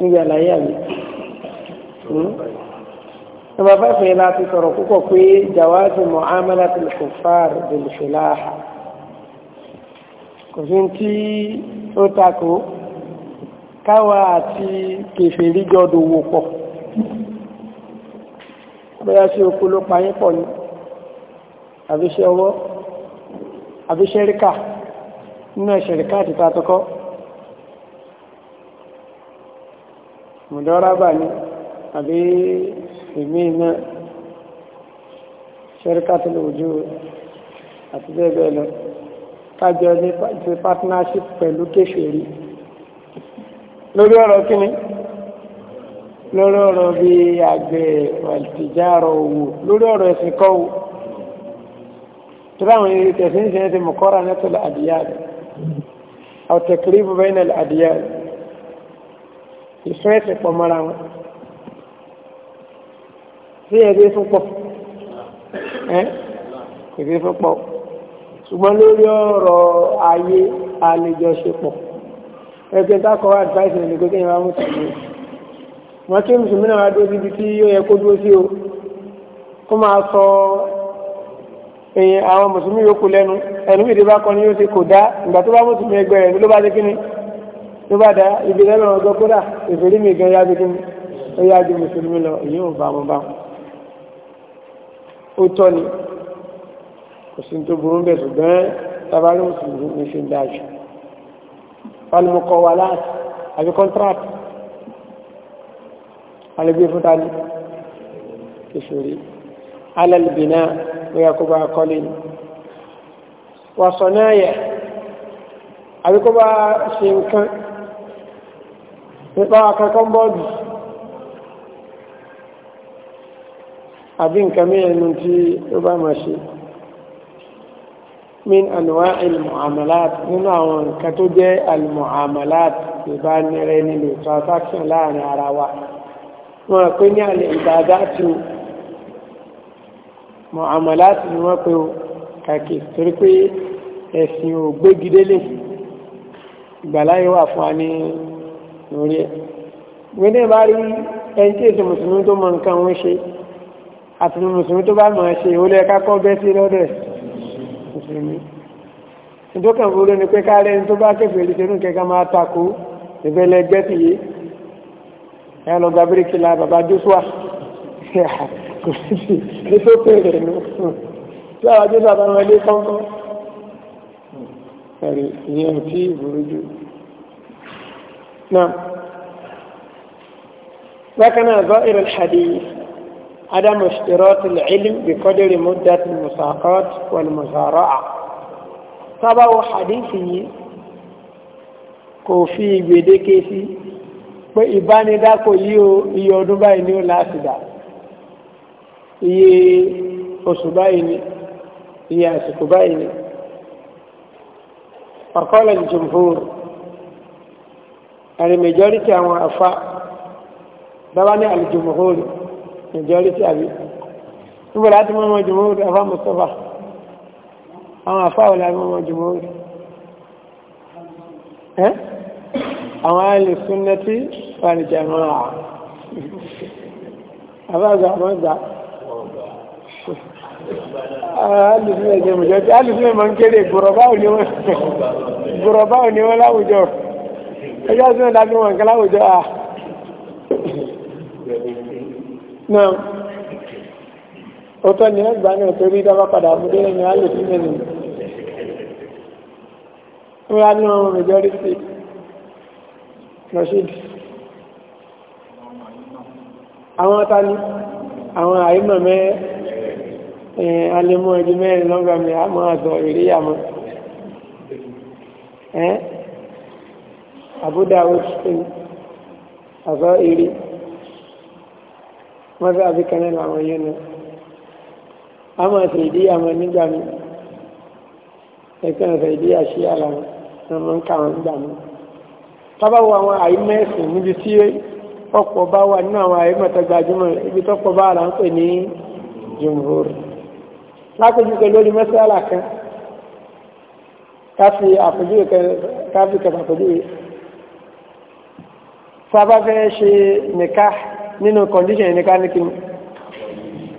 níbi àlàyé àmì nọmba fáìfù yẹn láti sọ̀rọ̀ púpọ̀ pé jawazi mu'amalatil kuffar bil silah kò sí tí ó takò káwa àti kèfèrí jọ dòwò pọ̀ bóyá ṣe oko ló payín pọ̀ ni àbíṣẹ́ ọwọ́ àbíṣẹ́ ríkà nínú ẹ̀ṣẹ̀ríkà àti tàtọ́kọ́ mùdọ́rábà ni àbí ìmí náà ṣẹ́ríkàtìlì ojú àti bẹ́ẹ̀ bẹ́ẹ̀ lọ kájọ ní ti partnership pẹ̀lú kéṣèrí lórí ọ̀rọ̀ kíni lórí ọ̀rọ̀ bí àgbẹ̀ ìtìjáàrọ̀ owó lórí ọ̀rọ̀ ẹ̀sìn kọ́ owó tó láwọn ìrìn tẹ̀sí ti mọ̀kọ́ra nẹ́tọ̀lá àdìyá rẹ̀ ọ̀tẹ̀kìrí bẹ́ẹ̀ nẹ́lá ìsún ẹ̀sìn pọ̀ mọ́ra wọn sí ẹgbẹ́ fún pọ̀ ẹgbẹ́ fún pọ̀ ṣùgbọ́n lórí ọ̀rọ̀ ayé àlejòṣepọ̀ ẹgbẹ́ dákọ̀ advice ní gbogbo ìyẹn wọn tàbí wọn kí mùsùlùmí náà wá dúró síbi tí ó yẹ kó dúró sí o kó máa sọ àwọn mùsùlùmí yòókù lẹ́nu ẹnu ìdí bá kọ ni yóò ṣe kò dá ìgbà tó bá mùsùlùmí ẹgbẹ́ rẹ̀ ló bá dé kí ni tó bá da ibi lẹ́nu ọgbọ́n kódà ìfèrí mi gan yá bíkí ó yá ju mùsùlùmí lọ èyí ò bá wọn bá ó tọ́ ni kò sí tó burú bẹ̀ ṣùgbọ́n tabarí mùsùlùmí ní ṣe ń dá wà láti àbí kọ́ntrátì alẹ́gbẹ́ fún ni kìsòrí alẹ́lẹ́bìnà bóyá kó bá kọ́lé ni wà náà yẹ àbí kó ṣe nǹkan nípa kankan bọ́ọ̀dù àbí nǹkan mẹ́ẹ̀nu tí ó bá máa ṣe min anuwa ilmu'amalat nínú àwọn nǹkan tó jẹ́ almu'amalat ìbánirẹ nínú transaction láàrin ara wa wọ́n pè ní alẹ́ ìbádátù mu'amalat ni wọ́n pè kàkì torí pé ẹ̀sìn ò gbégidélé ìgbàláyé wà fún wa ní lórí ẹ̀ gbẹ́dẹ̀ bá rí ẹni tí èso mùsùlùmí tó mọ nǹkan wọn ṣe àti mùsùlùmí tó bá mọ̀ ẹ́ ṣe olú ẹ̀ka kọ́ bẹ́ sí lọ́dẹ̀ mùsùlùmí ìdókàn fúru ni pé káàrẹ́ ẹni tó bá kẹfẹ́ lè ṣerú kẹ́kẹ́ máa takò ìbẹ̀lẹ̀ gbẹ́tìyé ẹ lọ gba bíríkì la bàbá jósùà kò sí ní tó pèrè nù tí àwọn jósùà bá wọn lé kọ́ńkọ́ ẹ̀rí ìyẹn tí ì jù. نعم وكان ظاهر الحديث عدم اشتراط العلم بقدر مدة المساقات والمزارعة سبب حديثي kò fi gbèdéke sí pé ìbánidákò iye ọdún báyìí ní ó láti dà iye oṣù báyìí ni iye àsìkò báyìí ni ọ̀kọ́lẹ̀ jùmhúrù àrí majority àwọn afá dábá ní alìjùmọ̀hóòrì majority àbí níbo láti mọ́ wọn jùmọ̀hóòrì afá mustapha àwọn afá wọlé àbí wọn jùmọ̀hóòrì ẹ́ àwọn alì súnnẹ́tì wàlìjàmọ́ àbájá àwọn ìgbà ah, alìsúnnẹ́ jẹ́ majority alìsúnnẹ́ mọ́ ń kéré gbọ̀rọ̀báwò ni wọ́n láwùjọ ẹjọ́ sí náà dájú wọn kẹlá òjò à náà ó tọ́ ní ẹgbàá náà torí dábà padà mú délé ní alẹ́ sí mẹ́rin wọ́n á ní ọmọ majority rashid àwọn atani àwọn àìmọ̀ mẹ́rin alẹ́mọ́ ẹ̀dí mẹ́rin lọ́gbàmí àmọ́ àtọ̀ ìríyàmọ́ ẹ́ Abu Dawud ṣe àzọ eré mọ́tò àbíkan náà làwọn yẹn nù a máa ṣe Ikan àmọ́ nígbà mi ẹ̀kọ́ ọ̀sẹ̀ ìdí àṣẹ àlà ọmọ ń kà wọ́n nígbà mi tábà wo àwọn àìmẹ́sìn níbi tí ọ̀pọ̀ bá wà nínú àwọn àìmọ̀tọ́ gbajúmọ̀ ibi tọ́pọ̀ bá àlà ń pè ní jumhur lápẹjù pẹ̀lú orí mẹ́sàlá kan káfí àpèjúwe kan káfí kẹfà àpèjúwe sábà fẹ́ ṣe nìka nínú condition nìka ní kí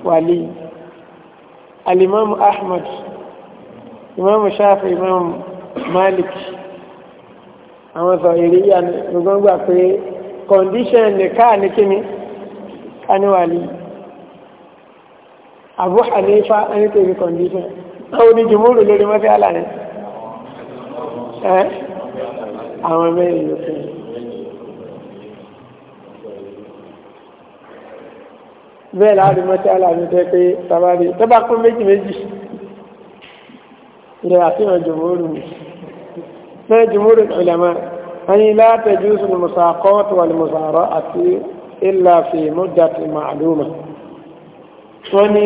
wàlí alimamu ahmad imamu shafi imamu malik àwọn sọ èrè yà ní pé condition nìka ní kí ni ká ní wàlí abu hanifa ẹni tó fi condition àwọn oníjìmúrù lórí mọ́fí alá ni àwọn mẹ́rin lókè bẹ́ẹ̀ láàrin mọ́ṣálà mi tẹ́ pé tabari tó bá pín méjì méjì ilẹ̀ àfihàn jùmúrù náà jùmúrù ìlàmà ẹni látẹ̀jú sùn mùsàkọ́ọ̀tù wà ní mùsàrọ̀ àti ìlà fi muddatin ma'luma wọ́n ní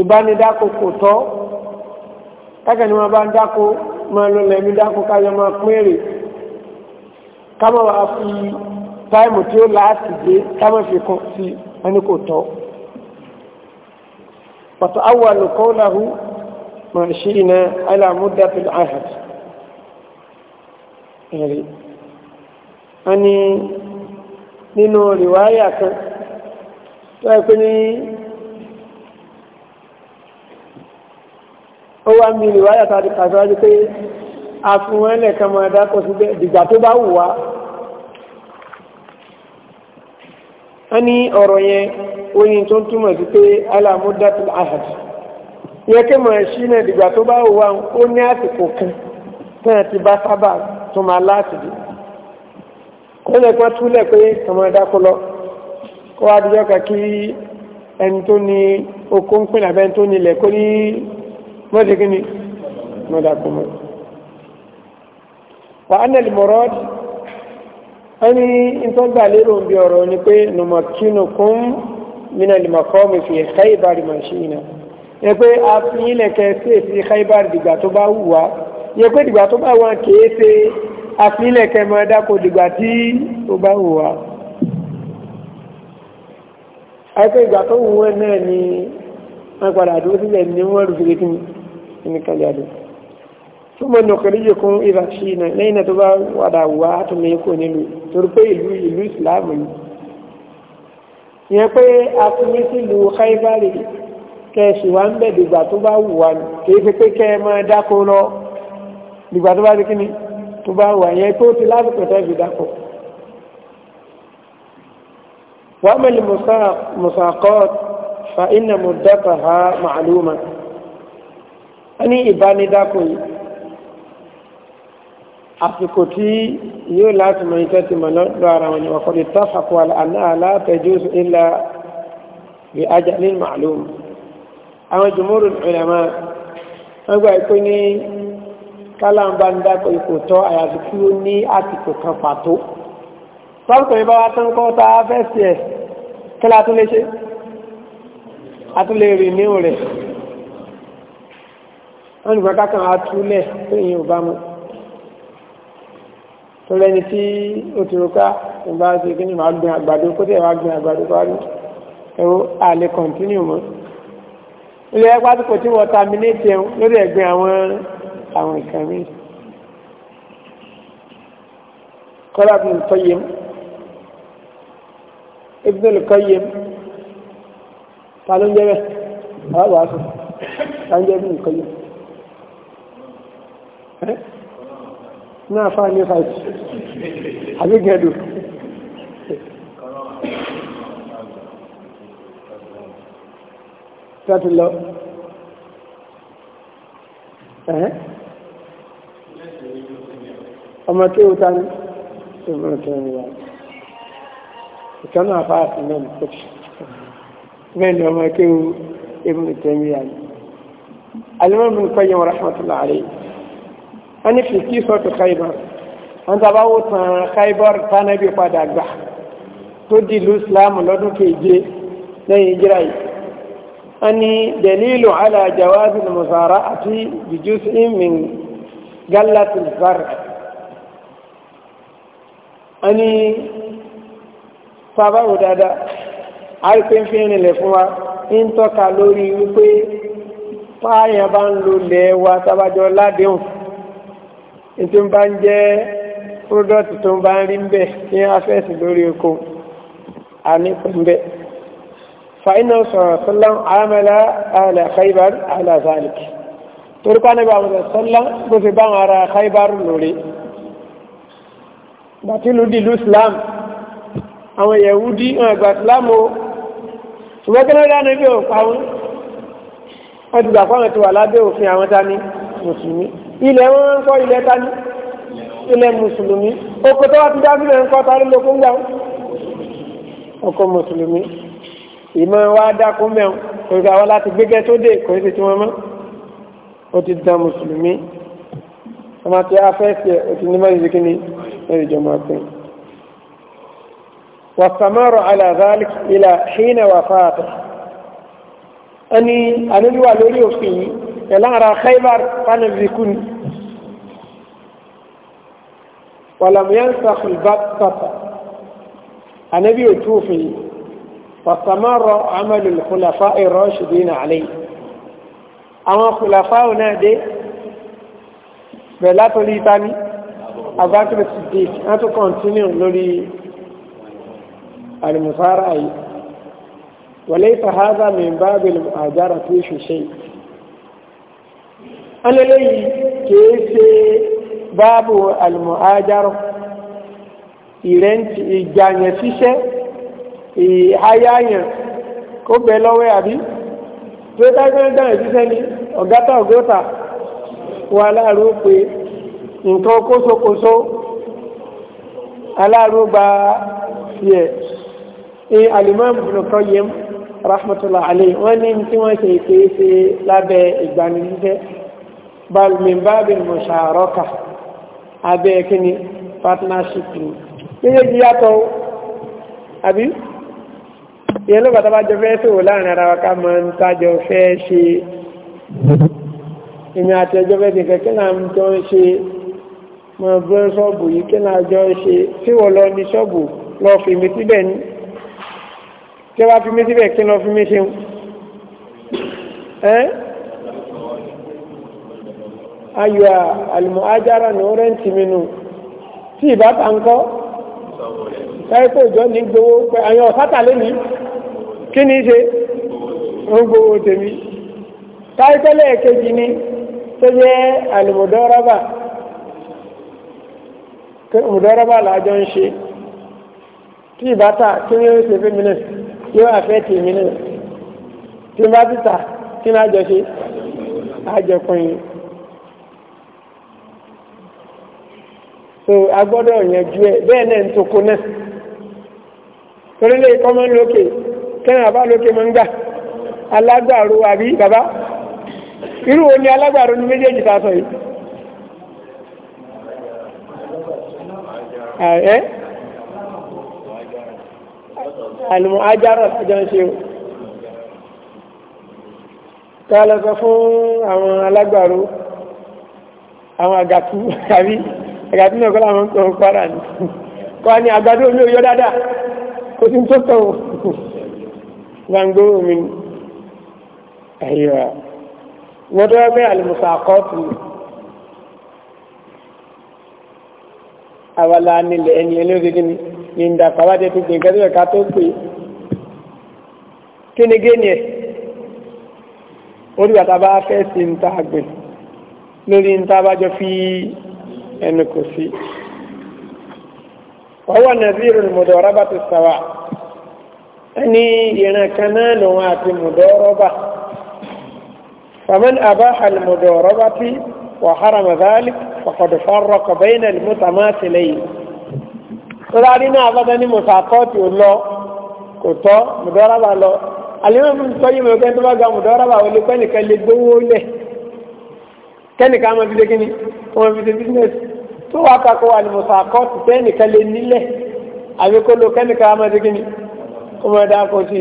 ìbánidákòkò tọ́ kákẹ́ ni wọ́n bá ń dákó máa lọ lẹ́mí dákó wọ́n ní kò tọ́ pàtó awàlù kọ́láhù mà ṣì iná alámúdàtì ahad ẹ̀rí wọ́n ní nínú rìwáyà kan tó yẹ pé ní ó wá mi rìwáyà tàbí kàtàkì pé a fún wọn lẹ̀kan máa dákọ̀ síbẹ̀ dìgbà tó bá wù wá wọ́n ní ọ̀rọ̀ yẹn oyin tó ń túmọ̀ sí pé alamudatul ahad yẹ kí mọ̀ ẹ̀ṣí náà dìgbà tó bá wà ó ní àsìkò kan náà ti bá sábà tó máa láti dì kó lè pọ́n túlẹ̀ pé ọmọ ẹ̀dá kó lọ kó wá dijọ́ kan kí ẹni tó ní okó ń pín àbẹ́ni tó nílẹ̀ kó ní mọ́tẹ́kínní mọ́dàkùnmọ́. wà á nẹ̀lì mọ̀rọ́dì wọ́n ní ìtọ́gbà lérò ń bí ọ̀rọ̀ ni pé nùmọ̀kínukum minal maqami fi Khaybar mashina yẹ pé a fi ilẹ̀ kẹsí èsì Khaybar dìgbà tó bá wù wá yẹ pé dìgbà tó bá wà kìí a fi ilẹ̀ kẹmọ dáko dìgbà tí ó bá wù wá. àìpé ìgbà tó wù wọ́n náà ni wọ́n padà dúró sílẹ̀ ní wọ́n rú sílẹ̀ kí ni kálí àdúgbò túmọ̀ ní ọ̀kẹ́lẹ́yẹ kún ìlà sí iná lẹ́yìn náà tó bá wàdà wà á tún lè kó nílùú torí pé ìlú ìlú ìsìláàmù ni ìyẹn pé a fún mi sílùú Khaybari kẹ ẹ sì wá ń bẹ̀ dìgbà tó bá wù wá ni kì í fi pé kẹ ẹ máa dáko lọ dìgbà tó bá di kíni tó bá wà yẹn tó ti lásìkò tẹ́ fi dáko. fa iná mo dábàá ha màálùmá. a ní ìbánidáko yìí àsìkò tí yóò láti mọ iṣẹ́ ti mọ̀ lọ́dọ̀ ara wọn ni wọ́n kọ́ni tafàkù àná aláàtẹ̀jọ́sù ilà bí ajá ní màlúù àwọn jùmúrù ìrìnàmà wọ́n gbà pé ní kálàmbá ń dákọ̀ ipò tọ́ àyàfi kí ó ní àsìkò kan pàtó tọ́pọ̀ ìbá wa tán kọ́ ta fẹ́sì ẹ̀ kí la tún lè ṣe a lè rí níhùn rẹ̀ wọ́n nìkan kákan atúlẹ̀ tó yìí ò bá mú tó lẹ́ni tí ó ti roká ìgbà ṣe kí ni màá gbin àgbàdo kó tẹ̀ wá gbin àgbàdo parí ẹ̀rọ àlè kọ̀ntínú mọ́ ilé ẹgbà tó kò tí wọ́n tàmínétì ẹ̀hún lórí ẹ̀gbin àwọn àwọn nǹkan mi kọ́lá bí nǹkan yé mu Ibn al-Qayyim ta ló ń àwọn wàásù náà fáwọn ní fàájì àbígẹ̀dù láti lọ ẹ̀hẹ́ ọmọ tí ó tán tó mọ́ tó ń wà ìtọ́nà àfáàfin náà ní pẹ̀lú mẹ́rin ọmọ tí ó ibùn tẹ̀míyà ní alimọ́mù kọ́yẹ̀ wọ́n rahmatullahi alayhi wọ́n ni fi kí sọ́tù kaibar wọ́n tàbá wò tán Khaybar tánàbí padà gbà tó di ìlú Islam lọ́dún keje lẹ́yìn ìjírà yìí wọ́n ní dalilu ala jawazi musara àti jujuzin min gallatil zar wọ́n ní tàbá wò dáadáa àìpín fi rìnlẹ̀ fún wa ń tọ́ka lórí wípé fáyà bá ń lo lẹ́ẹ̀wà tàbájọ́ ládéhùn tí ń jẹ́ pródọ́tì tó ń bá ń rí ń bẹ̀ ní afẹ́sì lórí oko àníkùnbẹ̀ fàínà sọ̀rọ̀ sọ́lọ́m àmàlà àlà khaibar àlà zalik torí pánàbà àwọn sọ́lọ́m bó fi bá ara khaibar lórí bàtílù dìlú islam àwọn Yahudi, àwọn ìgbà islamu ṣùgbọ́n kí ló dáná bí òun pàwọn wọ́n ti gbà fáwọn tó wà lábẹ́ òfin àwọn tani mùsùlùmí ilẹ̀ wọn ń kọ́ ilẹ̀ tani ilẹ̀ mùsùlùmí oko tó wá ti dá sílẹ̀ ńkọ́ tá ló kó ń gbà oko mùsùlùmí ìmọ̀ wa dákú mẹ́wọ̀n kò gbà wọ́n láti gbégẹ́ tó dé kò sí tí wọ́n mọ́ ó ti dá mùsùlùmí ọmọ tí a fẹ́ ṣe ó ti ní mọ́ ìdí ẹ̀rì jọ máa pín wàsàmọ́rọ̀ alàzálì ilà ṣínà wà fáàtà ẹni ànílùwà lórí òfin yìí ẹ̀ lára Khaybar fánàbí wàlàmùyán sàfì bá sàfà ànábì ò túfin wàsàmárọ̀ amẹ́lù kùlàfà ẹ̀rọ ṣùgbọ́n àlẹ́ àwọn kùlàfà ò náà dé bẹ̀rẹ̀ látọ̀lí ìtàní abákẹ́rẹ́ ti dé wọ́n tún kọ̀ntínú lórí àlùmùsára yìí وليس هذا من باب المؤاجرة في شيء أنا لي كيسي báàbù àlùmọ̀ ájárọ̀ ìrẹ́ntì ìjàyàn ṣiṣẹ́ ìháyáyàn kó bẹ lọ́wẹ́ àbí tó dágbẹ́rẹ́ dáhùn ní ọ̀gátà ọ̀gọ́ta wà láàrú pé nǹkan kóṣokóṣo aláàrú gba yẹ ní alimami bùnúkọ́ yẹm rahmatulah alayhi wọ́n ní tí wọ́n ṣe ìpèsè lábẹ́ ìgbanisíṣẹ́ balùmíbábìn mọ̀ṣàrọ́kà abẹ́ kíni partnership ni méjèèjì yàtọ̀ àbí ìyẹn ló bàtà bá jọ fẹ́ sòwò láàrin ara wa ká mọ ń tájọ fẹ́ ṣe èmi àti ẹjọ́ fẹ́ nìkan kí náà ń jọ ń ṣe mọ bọ́ ṣọ́ọ̀bù yìí kí náà jọ ń ṣe tí wọ́n lọ ní ṣọ́ọ̀bù lọ fi mi síbẹ̀ ní tí wọ́n bá fi mi síbẹ̀ ayọ̀ àlùmọ́ájára ní ọ́rẹ́ǹtì mi nù tí ìbá ta ń kọ́ káyé kó ìjọ ní gbowó pé àyàn ọ̀sátà mi. kí ni ṣe ń gbowó tèmi káyé tẹ́lẹ̀ kejì ni tó jẹ́ àlùmọ́dọ́rọ́bà mùdọ́rọ́bà làjọ ń ṣe tí ìbá ta kí ni ó ṣe fún mi náà yóò àfẹ́ tèmi náà tí ìbá ti so a gbọ́dọ̀ yanjú ẹ bẹ́ẹ̀ náà ń toko náà torílẹ̀ ikọ́ máa ń lókè kẹ́rin àbá lókè máa ń gbà alágbàro àbí bàbá irú wo ni alágbàro ni méjèèjì ta sọ yìí ẹ àlùmọ́ ajárọ̀ ajá ń ṣe o ká lọ sọ fún àwọn alágbàro àwọn àgàtú àbí àgbàdo náà kọ́lá máa ń tọ̀ kwara ni kọ́ ni àgbàdo mi ò yọ dáadáa kò sí tó tọ̀ gbàngbó mi ni àyíwá wọ́n tó wọ́n pé àlùmùsà kọ́ọ̀tù awala nílẹ̀ ẹni ẹlẹ́rìí ni ìgbà kàwádé tó gbé nǹkan tó yẹ ká tó pè é kí ni ni ẹ̀ orí bàtà bá fẹ́ sí ní tá a gbìn lórí ní tá a bá jọ fi í. انكسي وهو نذير المضاربة السواء أني ينكنا نوات المضاربة فمن أباح المضاربة وحرم ذلك فقد فرق بين المتماثلين قرارنا أبدا مساقات الله كتا مضاربة الله اليوم من قيم يقول أنت بقى مضاربة ولكن يكلي دوله kẹ́nìkan máa fi ṣe kíni wọ́n fi ṣe business tó wà kakọ́ wà ní mọ̀sá kọ́ọ̀tù kẹ́nìkan lè nílẹ̀ àbíkóló kẹ́nìkan máa ṣe kíni kó máa dá kó sí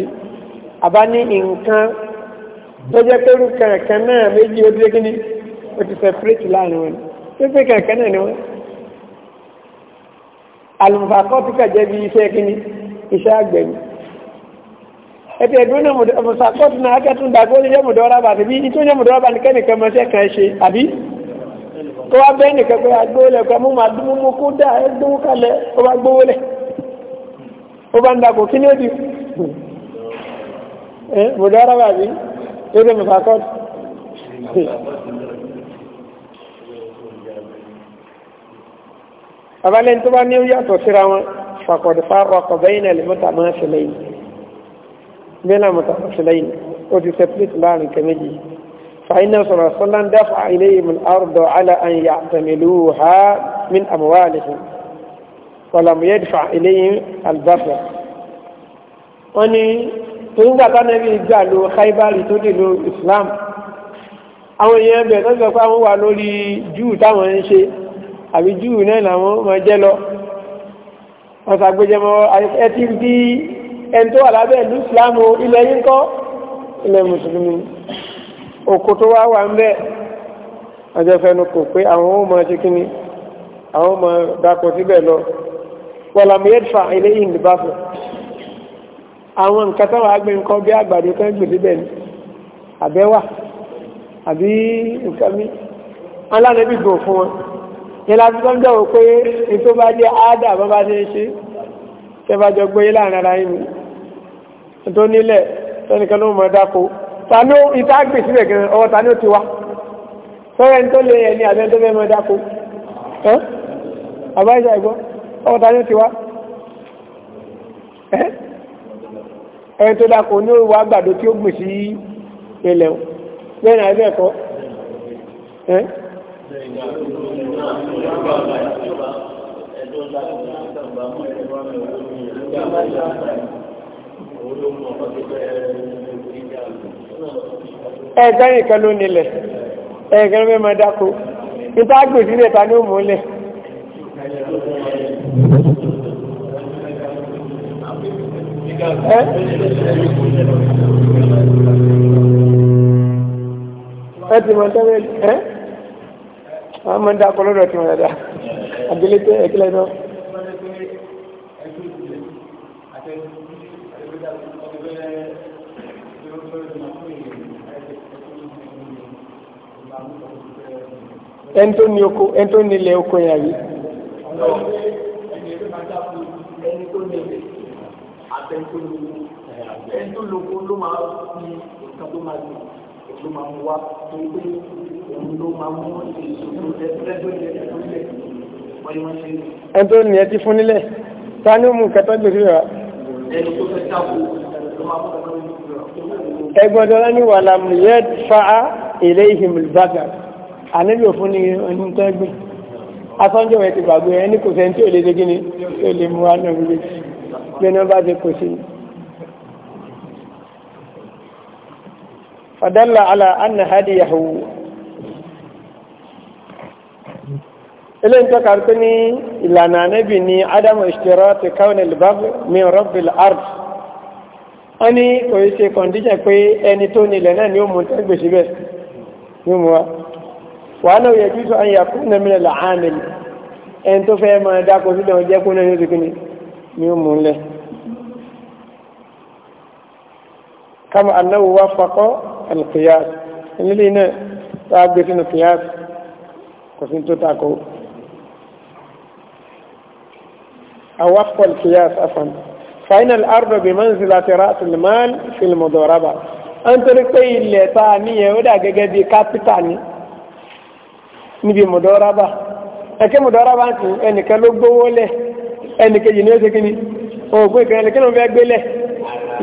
àbá ní nǹkan tó jẹ́ pé kẹ̀kẹ́ náà méjì ó ti ṣe ó ti separate láàrin wọn tó pé kẹ̀kẹ́ náà ni wọ́n àlùmọ̀sá kọ́ọ̀tù kẹ̀jẹ́ bí iṣẹ́ kíni iṣẹ́ àgbẹ̀ni ẹ̀tì ẹ̀dùn náà mùsàkọ́tù náà akẹ́tùn dàgbó ní jẹ́ mùdọ́rọ̀bà tàbí ìtún jẹ́ mùdọ́rọ̀bà ní kẹ́nìkan mọ́sẹ́ kan ṣe àbí tó wá bẹ́ẹ̀ nìkan pé agbóolẹ̀ pé mú máa dúnmú mú kú dá ẹgbówó kalẹ̀ ó bá gbówólẹ̀ ó bá ń dàgbò kí ni ó di mùdọ́rọ̀bà bí tó dé mùsàkọ́tù. babalẹ́ni tó bá ní ó yàtọ̀ síra wọn fàkọ̀dùfà rọkọ̀ bẹ́yìn bẹ́ẹ̀ náà mọ̀tà ṣẹlẹ́yìn ó ti separate láàrin kẹ́mẹ́jì fàáyínà sọ̀rọ̀ sọ́lá ń dáfà ilé ìmọ̀ àrùdọ̀ alá an yà tẹ̀mẹ̀lú ha min àmúwá àlẹ́sìn wàlàmù yẹ́ dìfà ilé albáfẹ́ wọ́n ní torí gbàtà nẹ́bí gbà ló haibari tó dìlú Islam àwọn èèyàn bẹ̀rẹ̀ tó sọ pé àwọn wà lórí júù táwọn ń ṣe àbí júù náà làwọn máa jẹ́ lọ wọ́n ẹni tó wà lábẹ́ ìlú ìsìlámù ilẹ̀ yín kọ́ ilẹ̀ mùsùlùmí òkú tó wá wà ń bẹ́ ọjọ́ fẹnu kò pé àwọn ọmọ ṣe kí ni àwọn ọmọ dákọ̀ síbẹ̀ lọ pọ̀làmùyẹ́dfà ilé yìí ní báfẹ́ àwọn nǹkan táwọn agbẹ̀ nǹkan bí àgbàdo tó gbè síbẹ̀ ni àbẹ́wà àbí nǹkan mi alánẹ́bí gbò fún wọn yẹn láti tó ń pé ètò bá jẹ́ áádà bá bá ṣe é ṣe é tẹ́bàjọ gbé láàrin ara yìí tó nílẹ̀ tẹ́nìkan ló mọ̀ dáko tani ìta gbè síbẹ̀ gan ọwọ́ tani ó ti wá tó lè àbẹ́ tó fẹ́ mọ̀ ìgbọ́ ọwọ́ ó ti wá ẹni tó ní òwò àgbàdo tí ó gbè sí ilẹ̀ àbẹ́ ẹ̀kọ́ ẹ́ ìjà àbájá òun ló mọ ọmọ tó bẹ́ẹ̀ ìjà àbájá. ẹ̀ẹ́dẹ́rìn nìkan ló nílẹ̀ ẹ̀ẹ́dẹ́rìn mẹ́rin máa dáko níta gbè sílẹ̀ ta ni ó mú un lẹ̀. ẹ ti mọ tẹ́lẹ̀ ẹ́ àwọn máa ń dáko tí wọ́n yà àgbélé tẹ́ ẹ̀kílẹ̀ náà. ẹni tó ní oko ẹni tó ní ilẹ̀ oko yẹn àbí. ẹni tó ní ilẹ̀ ni ẹ ti fún nílẹ̀ ta ni ó mú nǹkan gbèsè rà. ẹni tó fẹ́ dáko ló fa ilé ìhìmìlì bàgà ànábì òfin ni ọ̀nìtàn gbìn asọ́njọ́ rẹ̀ ti gbàgbé ẹni kò sẹ́ni tí ò lè dégé ni tí ò lè mú wa náà gbé bí ẹni bá ti kò sí ni. fadalla ala anna hadiyahu eléyìí tó kàrí pé ní ìlànà ànábì ní ádámù ìṣòro ti káwọn ìlúbàbù mi rọ́bìl ard wọ́n ní kò ṣe kọ̀ǹdíjà pé ẹni tó nílẹ̀ náà ni ó mú tẹ́gbèsí bẹ́ẹ̀ ni mú wa wàhálà òye jùsọ àyè àkúnnà mílẹ̀ làánì ẹni tó fẹ́ máa dákọ̀ sílẹ̀ wọn jẹ́ kúnnà ní oṣù kìíní ni ó mú lẹ̀. kama anáwó wá fakọ́ alùpùyàs nílé náà tá a gbé sínú pùyàs kò sí tó takò. àwáfọ̀ alùpùyàs afọ̀n fain al-ardu bi manzilati ra'si al-mal fi al-mudaraba an tori pe ilẹ̀ ta ni yẹn ó dà gẹ́gẹ́ bí kápítà ni níbi mọ̀dọ́rábà ẹ̀kẹ́ mọ̀dọ́rábà ti ẹnìkan ló gbówó lẹ̀ ẹnìkejì ní ó ṣe kíni òògùn ìkan ẹnìkan ló fẹ́ gbélẹ̀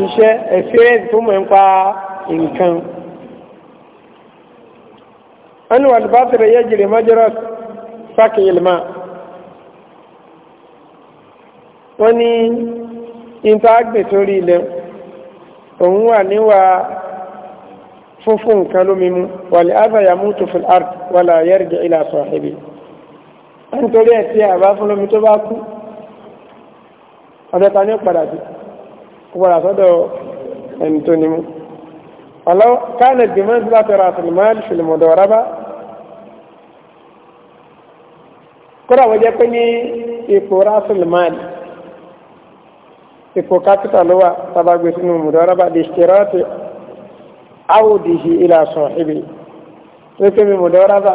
iṣẹ́ experience tó mọ̀ ń pa nǹkan n'i n'i ilẹ̀ òun wà níwà funfun kan ló mímú wàlẹ̀ àbáyà mútu fún art wàlà yẹ́rìgì ilà sọ̀hìbì nítorí ẹ̀ tí àbá fún lómi tó bá kú ọ̀dọ̀ ta ní padà sí padà sọ́dọ̀ ẹni tó ní mú ọ̀lọ́ káàlì dìmọ́ sí láti ra fìlìmọ́lì fìlìmọ́dọ̀ rábá kódà wọ́n jẹ́ pé ní ipò rásìlìmọ́lì ipò kápítà ló tàbá gbé sínú mọ̀dọ̀ rábá awùdìhì ilà sàn ibi wípé mi mùdọ́rọ́bà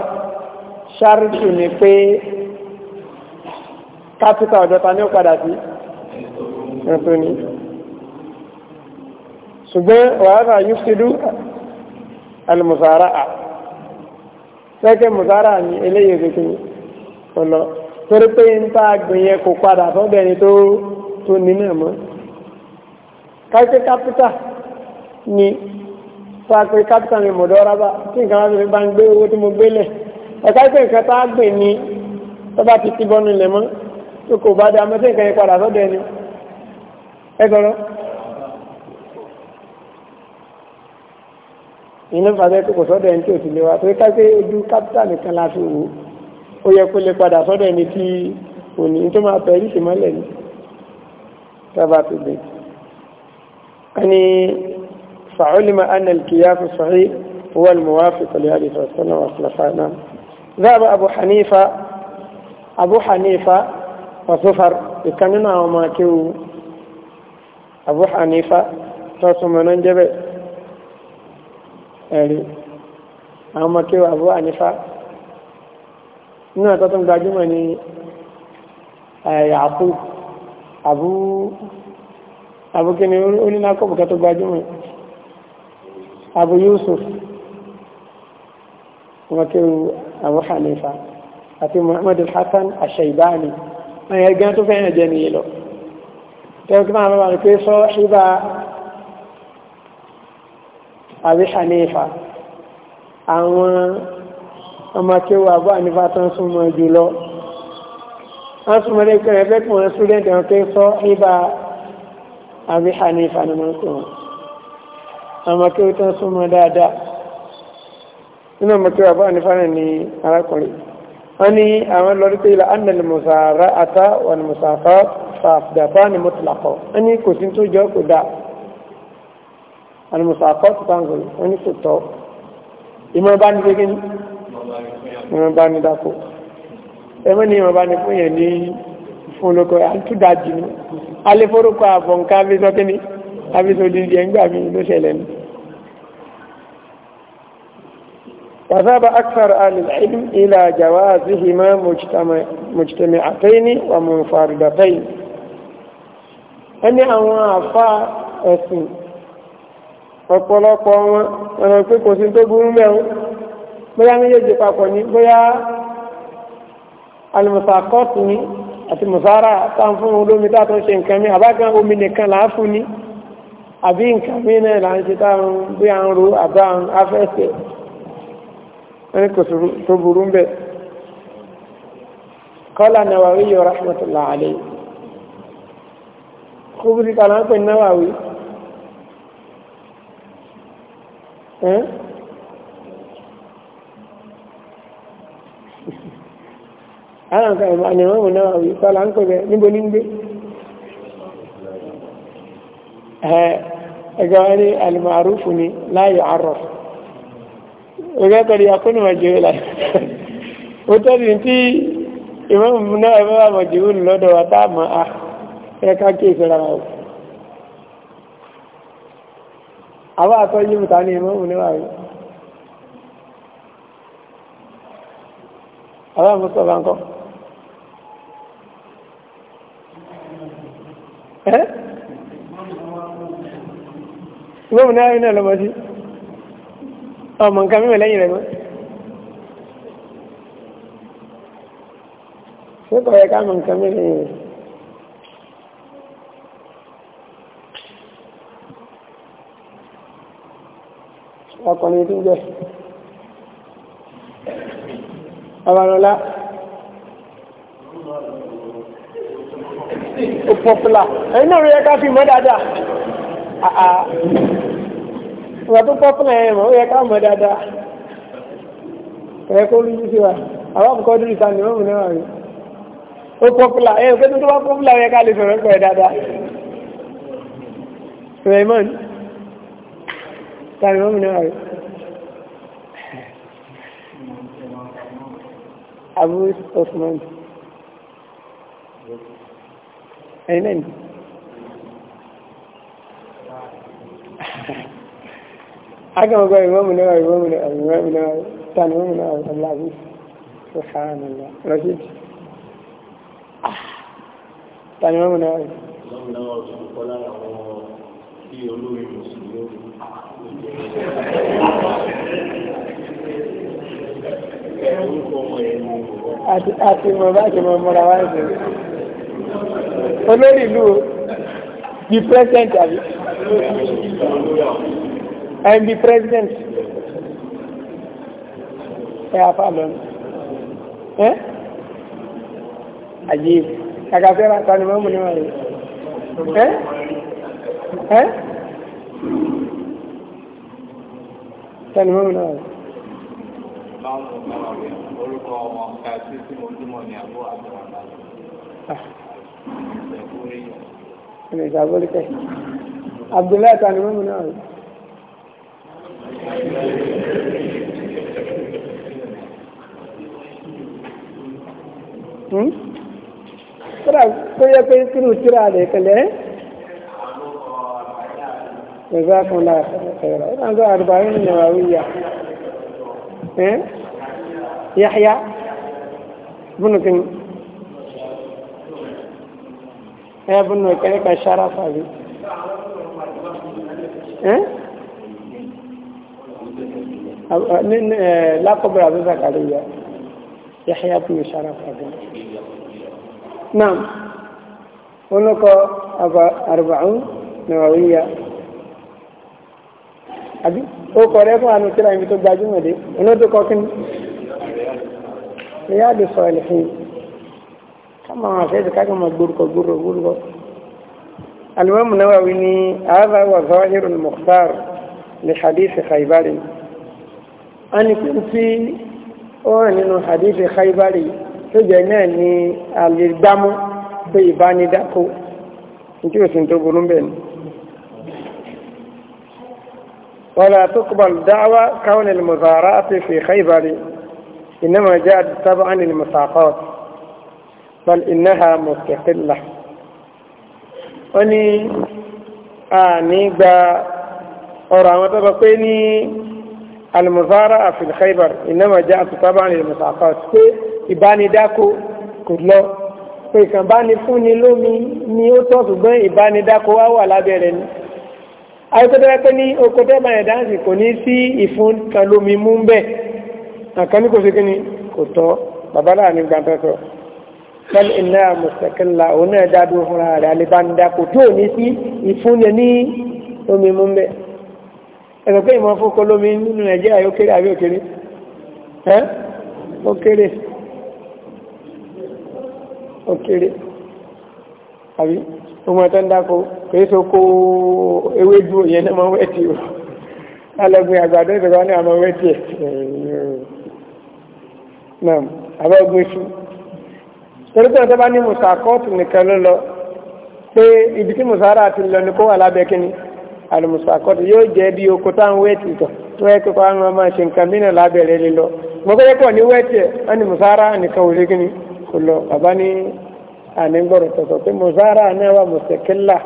ṣáàrùtù ni pé kápítà ọ̀dọ́ta ní ó padà sí ẹ̀tọ́ ni ṣùgbọ́n wàhálà yúfsidú alìmùsára à sẹ́kẹ̀ mùsára ní eléyìí òkèkè ọ̀nà torí pé ń tá gbìyẹn kò padà sọ́dọ̀ ẹni tó ní náà mọ́ káṣẹ́ kápítà ni tó a pe capital ní mọ̀dọ́rábà tí nǹkan wá fi bá ń gbé owó tí mo gbélẹ̀ ẹ̀ka ìpè nǹkan tá a gbè ní tó bá ti ti bọ́nu ilẹ̀ mọ́ tó kò bá dáa mọ́tí nǹkan yẹn padà sọ́dọ̀ ẹni ẹgbọ́rọ́ ìlú fàṣẹ tó kò sọ́dọ̀ ẹni tí ò ti lè wá pé káṣe ojú capital nìkan la fi wò ó yẹ kó lè padà sọ́dọ̀ ẹni tí òní tó máa pẹ̀ rí ìsìmọ́lẹ̀ ní tábà gbé. فعلم أن الكياس الصحيح هو الموافق لهذه السنة وخلفائنا ذهب أبو حنيفة أبو حنيفة وصفر يكمنا وما كيو أبو حنيفة تصمنا جبه ẹ̀rí àwọn ọmọ kí wà búwà nífà náà tọ́tún أبو ní àyàkú àbú àbúkíní onílákọ̀bùkẹ́ tó abu yusuf wakilu abu hanifa àti muhammad al-hassan ashaibani wọn yẹ gan tó fẹ́ràn jẹ́ nìyí lọ tẹ́wọ́n kí máa bá wọn pé sọ ṣíbà abu hanifa àwọn ọmọ akéwà abu hanifa tó ń súnmọ́ jùlọ wọ́n súnmọ́ lẹ́kọ̀ọ́ ẹgbẹ́ tí wọ́n súnlẹ̀ tẹ́wọ́n pé sọ ṣíbà abu hanifa ni wọ́n àmọ́kí ó tán súnmọ́ dáadáa nínú àmọ́kí wà bá ní fánà ní arákùnrin wọ́n ní àwọn lọ́rí pé ilẹ̀ annal musara ata wà ní musafa fàfdàfà ní mọ́tìlákọ̀ wọ́n ní kò sí tó jọ kò dá alimusakọ ti tango wọ́n ní kò tọ́ ìmọ̀ bá ní gbégé ní ìmọ̀ bá ní dákò ẹmọ́ ní ìmọ̀ bá ní ni àbísọ̀ òdìdí ẹ̀ngbà mi ló ṣẹlẹ̀ ní وذهب أكثر أهل العلم إلى جوازهما مجتمعتين ومنفردتين ẹni àwọn àfá ẹ̀sìn ọ̀pọ̀lọpọ̀ wọn ọ̀nà pé kò sí tó burú mẹ́rin bóyá méjèèjì papọ̀ ní bóyá alìmọ̀sàkọ́tù ní àti mọ̀sára tán fún olómi tátọ́ ṣe nǹkan mi àbágan omi nìkan làáfún ní àbí nǹkan mí náà là ń ṣe táwọn bí à ń ro àbá afẹ́fẹ́ wọn kò tó burú bẹ́ẹ̀ kọ́lá Nawawi yọ rahmatullahi alayhi kúbúrí kan láńpẹ́ Nawawi àwọn kan ìmọ̀ àníwọ̀n Nawawi kọ́lá ń pẹ́ bẹ́ẹ̀ níbo ní ń gbé daga wani almarufu ne layi arraf daga kari ya kuni majiyula wata zin ti imam na ẹgbẹ́ majiyun lọ́dọ̀ wa ah, ta ma a ya ka ke sara ma ìmọ̀mù náà iná lọ́mọ sí ọmọ nǹkan mímọ̀ lẹ́yìn rẹ̀ mọ́ síkọ̀ yẹ ká mọ̀ nǹkan mímọ̀ lẹ́yìn rẹ̀ ọkùnrin tó jẹ́ ọbànúlá ó pọ́pùlà ẹ̀yìn náà rí ẹ fi mọ́ dáadáa Aa, ah, ah. tó pọ́pùlà ẹ̀ mọ̀ ó yẹ ká mọ̀ dáadáa ẹ̀kọ́ orí sí wa àwọn àbùkọ́ dúró ìta ni wọ́n mú náà rí ó pọ́pùlà ẹ̀ pé tó bá pọ́pùlà yẹ ká lè sọ̀rọ̀ pẹ̀ dáadáa Raymond ta ni wọ́n mú náà rí Abu Osman ẹ̀yin náà haka ma gwai imamu na wai imamu na wai imamu na wai ta ni imamu na wai Allah bi subhanallah rashid ta ni imamu na wai àti àti mọ̀ bá ṣe mọ̀ mọ́ra wá ṣe olórí ìlú the president àbí and the president ẹ afa lọ ẹ ayé kàkàfẹ́ ra ta ni mọ́mú ni wọ́n yẹ ẹ ẹ ta ni mọ́mú ni wọ́n yẹ. Orúkọ ọmọ ọ̀ka mo dúmọ̀ ní Abdullahi ta ni mọ́mú ni wọ́n Hmm? kódà kó yẹ pé kírù tíra lè kẹlẹ́ ẹ̀zá kan lára ẹ̀rọ ó dáńgọ́ àrùbáyé nìyàwó wíyà Yahya bunu kin ẹ bunu kẹ́lẹ́ ka ṣára fàbí. Eh, lákọ̀bẹ̀rẹ̀ Abu Zakariya Yahya bin Sharaf àgbẹ̀ náà olùkọ́ arba'un Nawawiyya àbí ó kọ̀ rẹ́ fún ànúkíra ibi tó gbajúmọ̀ dé olóòtúkọ́ kí ní Riyadu Salihin kama wọn fẹ́ ti kákan ma gbórúkọ gbórúkọ Al-Imam Nawawi ni ààbà wà zọ́hírùn Mukhtar lè hadith Khaybarin ẹni kú sí ọ̀rọ̀ nínú hadithi khaibari tó jẹ́ náà ní àlègbámú pé ìbánidákó tí ó sì ń tó burú bẹ́ẹ̀ ni ولا تقبل دعوة كون المزارعة في خيبر إنما جاءت تبعا للمساقات بل إنها مستقلة wọ́n ní àní gba ọ̀rọ̀ àwọn tó sọ pé ní المضارعة في الخيبر إنما جاءت طبعا للمساقات pé ìbánidáko kò lọ pé ìkànbáni fúnni lómi ni ó tọ́ ṣùgbọ́n ìbánidáko wá wà lábẹ́rẹ̀ ni ayọ́kọ́tẹ́ pé ní okòtẹ́ báyẹ̀ dáǹsì kò ní sí ìfún kan lómi mú ń bẹ̀ àkan ní kò sí kí ni kò tọ́ babalá ní gbàtọ́sọ pẹ́l iná mùsàkínlá òun náà dádúró fúnra rẹ̀ alẹ́bánidáko tó ní sí ìfúnni ní omi mú ń bẹ̀ ẹ̀sọ̀ pé ìmọ̀ fún kolómi nínú nàìjíríà yóò kéré àbí òkèrè ẹ́ ó kéré ó kéré àbí ọmọ tó ń dákó kìí so kó ewé ju òyìn náà máa wẹ́ẹ̀tì o alẹ́gbìn àgbàdo ìdọ̀gá náà máa wẹ́ẹ̀tì ẹ̀ alimusakọtò yóò jẹ́ bí oko táwọn wẹ́ẹ̀tì tọ̀ tó yẹ kó àwọn ọmọ ṣe nǹkan mìíràn lábẹ́rẹ́ lé lọ mọ́kọ́jẹ́ pọ̀ ní wẹ́ẹ̀tì ẹ̀ wọ́n ní musara nìkan ò lékìní kò lọ bàbá ní ànígbọ̀rọ̀ tọ̀tọ̀ pé musara náà wà mùsẹ̀kẹ́là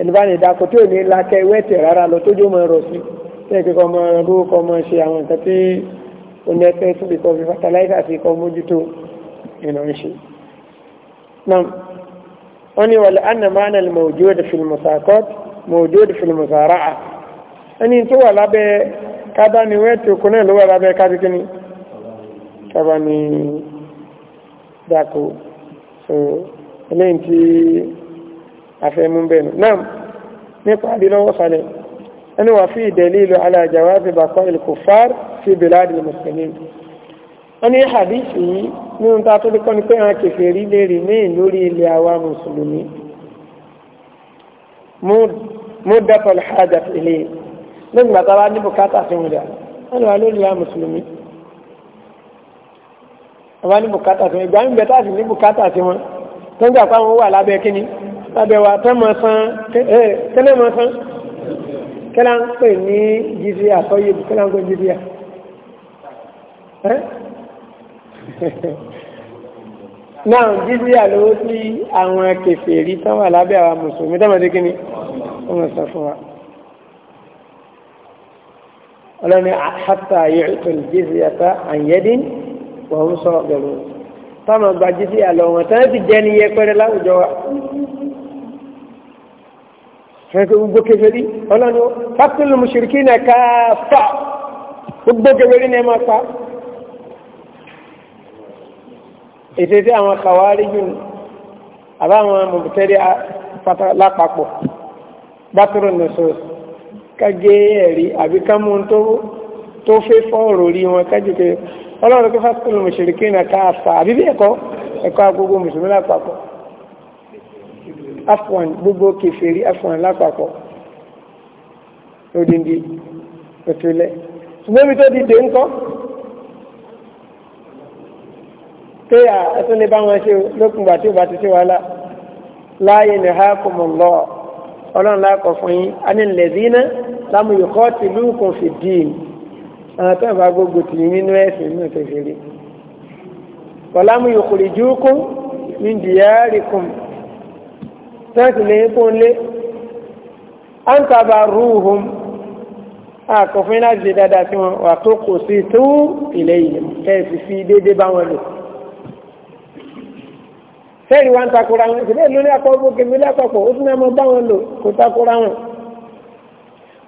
ẹni bá ní ìdáko tí ò ní lákẹ́ wẹ́ẹ̀tì rárá lọ tójú mọ́ ẹ̀rọ sí tó yẹ ọmọ ẹrú kọ́ ọmọ ṣe àwọn nǹkan tí ó ní síbi kan fi fatalaisa sí kan mójútó ìrìn ṣe. wọ́n ní wàlẹ̀ ànàmọ́ ànàlùmọ̀ òjò ẹ̀dẹ̀fìlmọ̀sàkọ́tì موجود في المزارعة ẹni tó wà lábẹ́ kábá ni wẹ́ẹ̀tì okun náà ló wà lábẹ́ kábí kíní kábá ni dákò so eléyìí tí afẹ́mú bẹ́ẹ̀ nù náà nípa àdínlọ́wọ́ sálẹ̀ ẹni wà fi ìdẹ̀lílò alájàwá ti bàkọ́ ìlkùfàr sí bèládì mùsùlùmí wọ́n ní hadisi yìí nínú ta tó lé kọ́ ni pé àwọn kèfèrí lè rìn ní ìlú lórí ilẹ̀ àwa mùsùlùmí muddat al-hajat ilayhi lẹ́yìn bàtà bá ní bùkátà sí wọn dà wọn wà lórí ya mùsùlùmí àbá ní bùkátà sí wọn ìgbà ń bẹ̀tà sí ní bùkátà sí wọn tó ń gbà pa wọn wà lábẹ́ kíní lábẹ́ wa tẹ́ mọ san kẹ́lẹ́ mọ san kẹ́lá ń pè ní jizíà sọ́yé kẹ́lá ń pè jizíà náà jizíà lówó sí àwọn kèfèrí tán wà lábẹ́ àwọn mùsùlùmí tán mọ̀ sí kíní ọmọ sọ fún wa ọlọ́ni àhàtà yẹ̀ẹ́tò jíṣìyàtà àyẹ́dín wọ́n sọ gẹ̀rù táwọn ọgbà jíṣìyà lọ wọn tán ti jẹ́ ní yẹpẹrẹ láwùjọ wa fẹ́ẹ̀kẹ́ gbogbo kẹfẹ́rí ọlọ́ni fásitì mùsùlùkì náà ká fà gbogbo kẹfẹ́rí náà máa pa ètò tí àwọn kàwárí jù àbáwọn mọ̀tẹ́rí lápapọ̀ bátúrò nìṣòs kágé ẹ̀rí àbí kámú tó fẹ́ fọ́ọ̀rọ̀ rí wọn kájú pé ọlọ́run kí fásitì mùsùlùmí náà ká àfà àbí bí ẹ̀kọ́ ẹ̀kọ́ agogo mùsùlùmí lápapọ̀ afọ̀n gbogbo kèfèrí afọ̀n lápapọ̀ lódìndí òtúlẹ̀ ṣùgbọ́n ibi tó di dé ńkọ́ pé à ẹtún lè bá wọn ṣe lókùngbà tí ò bá ti ṣe wàhálà láàyè ní hákùnmù lọ́ọ̀ ọlọ́run lákọ̀ fún yín anilẹ̀dínà lámù yòókọ́ ti lúùkùn fi dín àwọn tó ń bá gbogbo tì yín nínú ẹ̀sìn nínú kékeré wọ̀lámù yòókùrì jùúkùn ní dìyàrìkùn tẹ́sì lè kún lé à ń tàbà rúùhùn àkọ̀fún láti ṣe dáadáa sí wọn wà tó kò sí tó ilẹ̀ yìí kẹ́ẹ̀sì fi déédéé bá wọn lò sẹ́ẹ̀rì wa ń takora wọn ìṣẹ̀lẹ̀ lórí àpapọ̀ kẹfìlẹ̀ àpapọ̀ ó tún mọ́ bá wọn lò kó takora wọn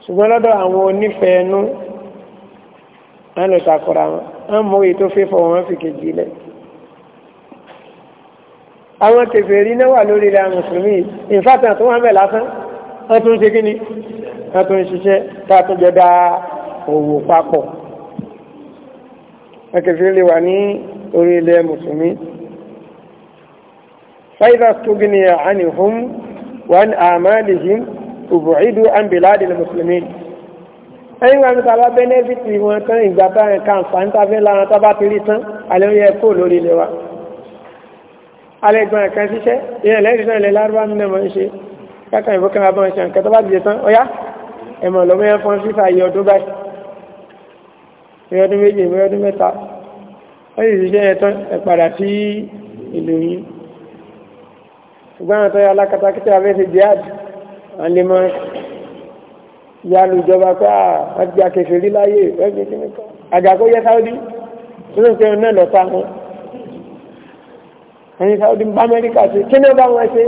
ṣùgbọ́n lọ́dọ̀ àwọn onífẹ̀ẹ́nú wọn lò takora wọn wọn mọ èyí tó fẹ́fọ́ wọn fi kejì lẹ̀ àwọn kẹfìrí náà wà lórí ilẹ̀ mùsùlùmí ìfàtàn tó wọn bẹ̀ lásán wọn tún ṣe kíni wọn tún ṣiṣẹ́ tá tún jọ dá òwò papọ̀ wọn kẹfìrí lè wà ní orí ilẹ̀ mùsùlùmí فإذا استغني عنهم وعن أعمالهم أبعدوا عن بلاد المسلمين ẹ̀yìn wa nípa bá bẹ́nẹ́fìtì wọn kan ìgbà bá ẹ̀ka àǹfààní tàbí lára tó bá ti rí tán alẹ́ oyè kó lórí ilẹ̀ wa alẹ́gbọ́n ẹ̀ka ṣiṣẹ́ ìyẹn lẹ́yìn náà lárúbá nínú ṣe káka ìbò kan ṣe ṣùgbọ́n àwọn tó yà alákatakítà abẹ́sẹ̀ jihad wọn lè mọ yálù ìjọba pé à ah, wọ́n ti gba kẹfẹ́ rí láyé wọ́n ti kíni kọ́ àgàkó yẹ sáwọ́dí nínú ìpinnu náà lọ́ta wọn ẹni sáwọ́dí bá amẹ́ríkà ṣe kí ni bá wọn ṣe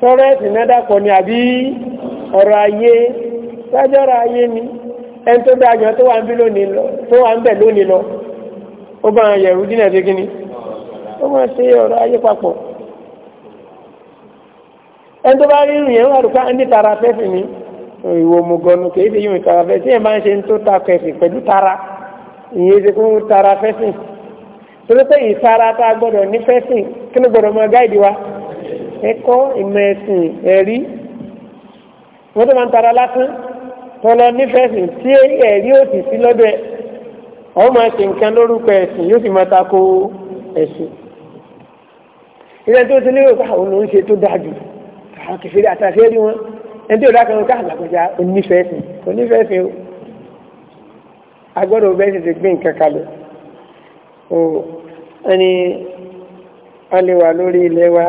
sọ̀rọ̀ ẹ̀sìn náà dàpọ̀ ni àbí ọ̀rọ̀ ayé sájọ́rọ̀ ayé ni ẹni tó dáa jọ tó wà ń bẹ̀ lónìí lọ ó bá yẹ̀rù dínà ṣe kíni ó máa ṣe ọ̀rọ̀ ayé papọ̀ ẹni tó bá rí ìrìn yẹn ah, ẹni tara fẹ́fì ni ìwò mùgọ́nù kì í ṣe yóò tara fẹ́fì tí máa ń ṣe tó ta pẹ̀lú tara ìyẹn ṣe kó tara fẹ́fì torí ìtara tá a gbọ́dọ̀ wa ìmọ̀ ẹ̀sìn ẹ̀rí wọ́n tó máa ń tara lásán tọ́lọ nífẹ̀ẹ́ sìn tí ẹ̀rí ò sì ọ máa ṣe nǹkan lórúkọ ẹ̀sìn yóò sì máa ẹ̀sìn ilé tó ti àwọn kẹfìrí àtàfẹ́ rí wọn ẹni tí ò dákan ká àlàkọjá onífẹ́sìn onífẹ́sìn o agbọ́dọ̀ bẹ́ẹ̀ sì ti gbé nǹkan kalẹ̀ o ẹni a lè wà lórí ilẹ̀ wa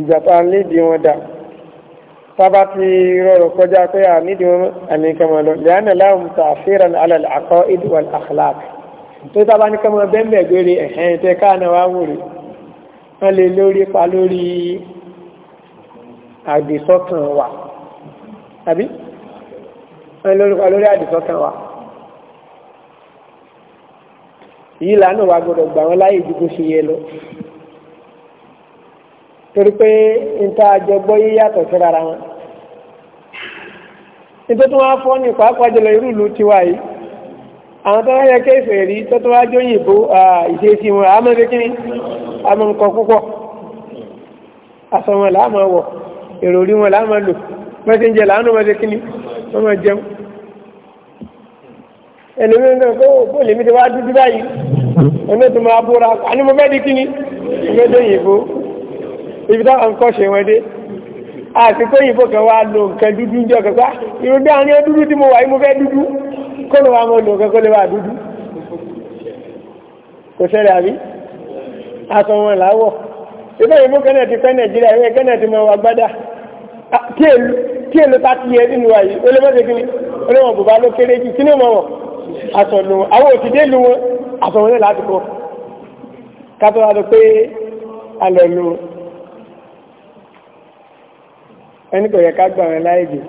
ìgbà tá a lédi wọn dà tába ti rọrọ̀ kọjá pé a nídi wọn àmì kama lọ lẹ́yìn láwọn ta àfihàn alàlẹ́ àkọ́ ìdíwọ̀n àkàlàk tó tába ní kama bẹ́ẹ̀ mẹ́gbẹ́rẹ́ ẹ̀hẹ́n tẹ́ káà náà wá wòrè àdìsọ́kàn wa àbí ẹlórúkọ lórí àdìsọ́kàn wa yìí lánàá wa gbọdọ̀ gbà wọn láyé ju bó ṣe yẹ lọ torí pé níta àjọgbọ́ yí yàtọ̀ sí rárá wọn nítorí tí wọ́n fọ́ ní pàápàá jùlọ irú ìlú tiwa yìí àwọn tó yẹ kéfèé rí tó tó wá jóyìnbó ìṣesí wọn àmọ́ kékeré àmọ́ nǹkan púpọ̀ àsọ̀wọ̀n làá wọ̀ èrò orí wọn láàmà lò mẹ́sẹ̀ ń jẹ láàánú mẹ́sẹ̀ kí ni wọ́n máa jẹun ẹlòmí ń gbọ́n kó lèmi ti wá dúdú báyìí ọ̀nà tó máa bóra àní mo mẹ́ẹ̀dì kí ni mẹ́ẹ̀dì òyìnbó ibi táwọn ń kọ́ṣe wọn dé àsìkò òyìnbó kan wá lo nǹkan dúdú ń jọ kẹfà irun bí àwọn dúdú tí mo wà yìí mo fẹ́ dúdú kó ló wàá mọ lò nǹkan kó lè wà dúdú kò ṣẹlẹ̀ àbí aṣọ wọn làwọ̀ ìbẹ̀yìnbó kẹ́nẹ̀ ti fẹ́ nàìjíríà ìbẹ̀yìn kẹ́nẹ̀ ti mọ wà gbádà kí èlò kí èlò ta ti yẹ nínú ayé olómọdé kí ni olómọ bùbá ló kéré jù kí ni mọ̀ wọ́n aṣọ lu wọn àwọn òtítẹ́ lu wọn aṣọ wọn náà láti kọ́ kátó wá lọ pé alẹ́ lu ẹni kò yẹ ká gbà wọn láyé jù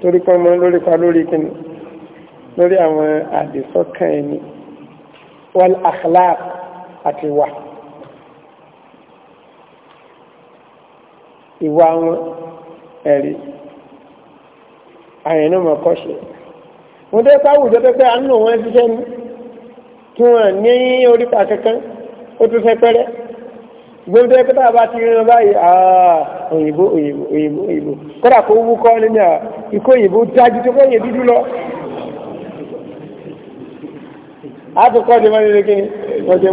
torí pé ọmọ lórí pa lórí kí ni lórí àwọn àdìsọ́kàn ẹni wal akhlaq àti wà ìwà wọn ẹ̀rí àyẹ̀ náà mọ̀ kọ́ṣe mo dé káwùjọ pé a àánú wọn ṣiṣẹ́ ní kí wọ́n ní orí kankan ó tún fẹ́ pẹ́rẹ́ gbogbo ẹgbẹ́ tá a bá ti rìn báyìí àà òyìnbó òyìnbó òyìnbó òyìnbó kódà kó wú kọ́ nínú à ikú òyìnbó dájú tó fẹ́yìn a tó kọ́ ọdún mọ́lẹ́lẹ́ kí ni wọ́n ti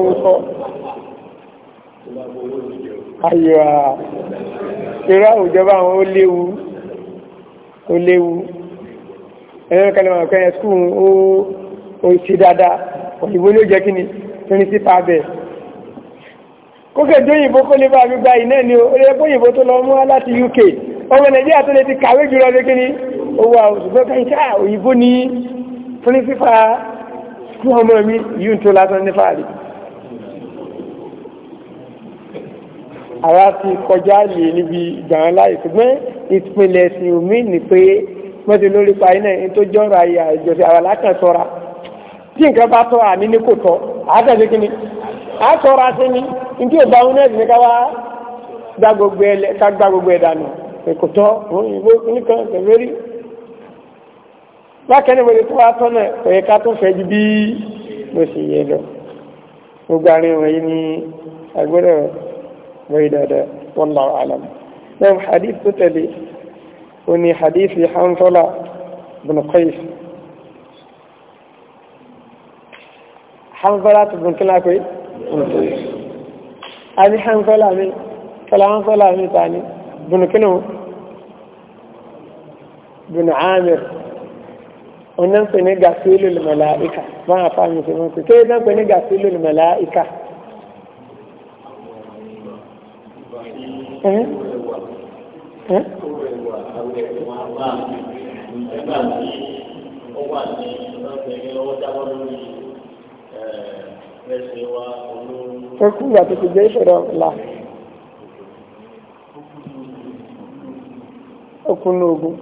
ń irú àwùjọba àwọn ó léwu ó léwu ẹ̀rọ kan lọ́wọ́ kan ó ó ṣe òyìnbó ló jẹ́ kí ni torí sí pa bẹ́ẹ̀ kókè dóyìnbó kó lè bá mi iná ni ó lè kó òyìnbó tó lọ mú láti UK ọmọ Nàìjíríà tó lè ti kàwé jùlọ lé kí ni owó àwọn òṣùgbọ́n kan ṣáà òyìnbó àwa ti kọjá lè níbi ìgbàrán láì ṣùgbọ́n ìpínlẹ̀ ẹ̀sìn omi ni pé mẹ́tẹ̀ lórí pa iná ẹni tó jọ́ra ayé àìjọsí àwa lákàn sọ́ra tí nǹkan bá tọ́ àní ní kò tọ́ àtẹ̀sí kí ni a sọ́ra sí ni ní tí ìgbà wọn ẹ̀sìn ká wá gbá gbogbo ẹ̀ dànù kò tọ́ òyìnbó nìkan kẹfẹ́rí bákan náà wọlé tó wá tọ́ náà òye ká tó fẹ́ ju bí mo sì yẹ lọ gbogbo àárín wọ̀nyí ni àgbẹ̀rẹ̀ lórí dáadáa wallahu a'lam. náà hadith tó tẹ̀lé ó ní hadith yìí hanfọ́lá bin qais hanfọ́lá tó bin kílá pé a ní hanfọ́lá mi kala hanfọ́lá mi ta ni bin kílá bin onan pe gasilu mala'ika ba a fahimta mun nan pe gasilu mala'ika ó kú ìgbà tó ti jẹ́ ìṣòro ọ̀la okun n'ogun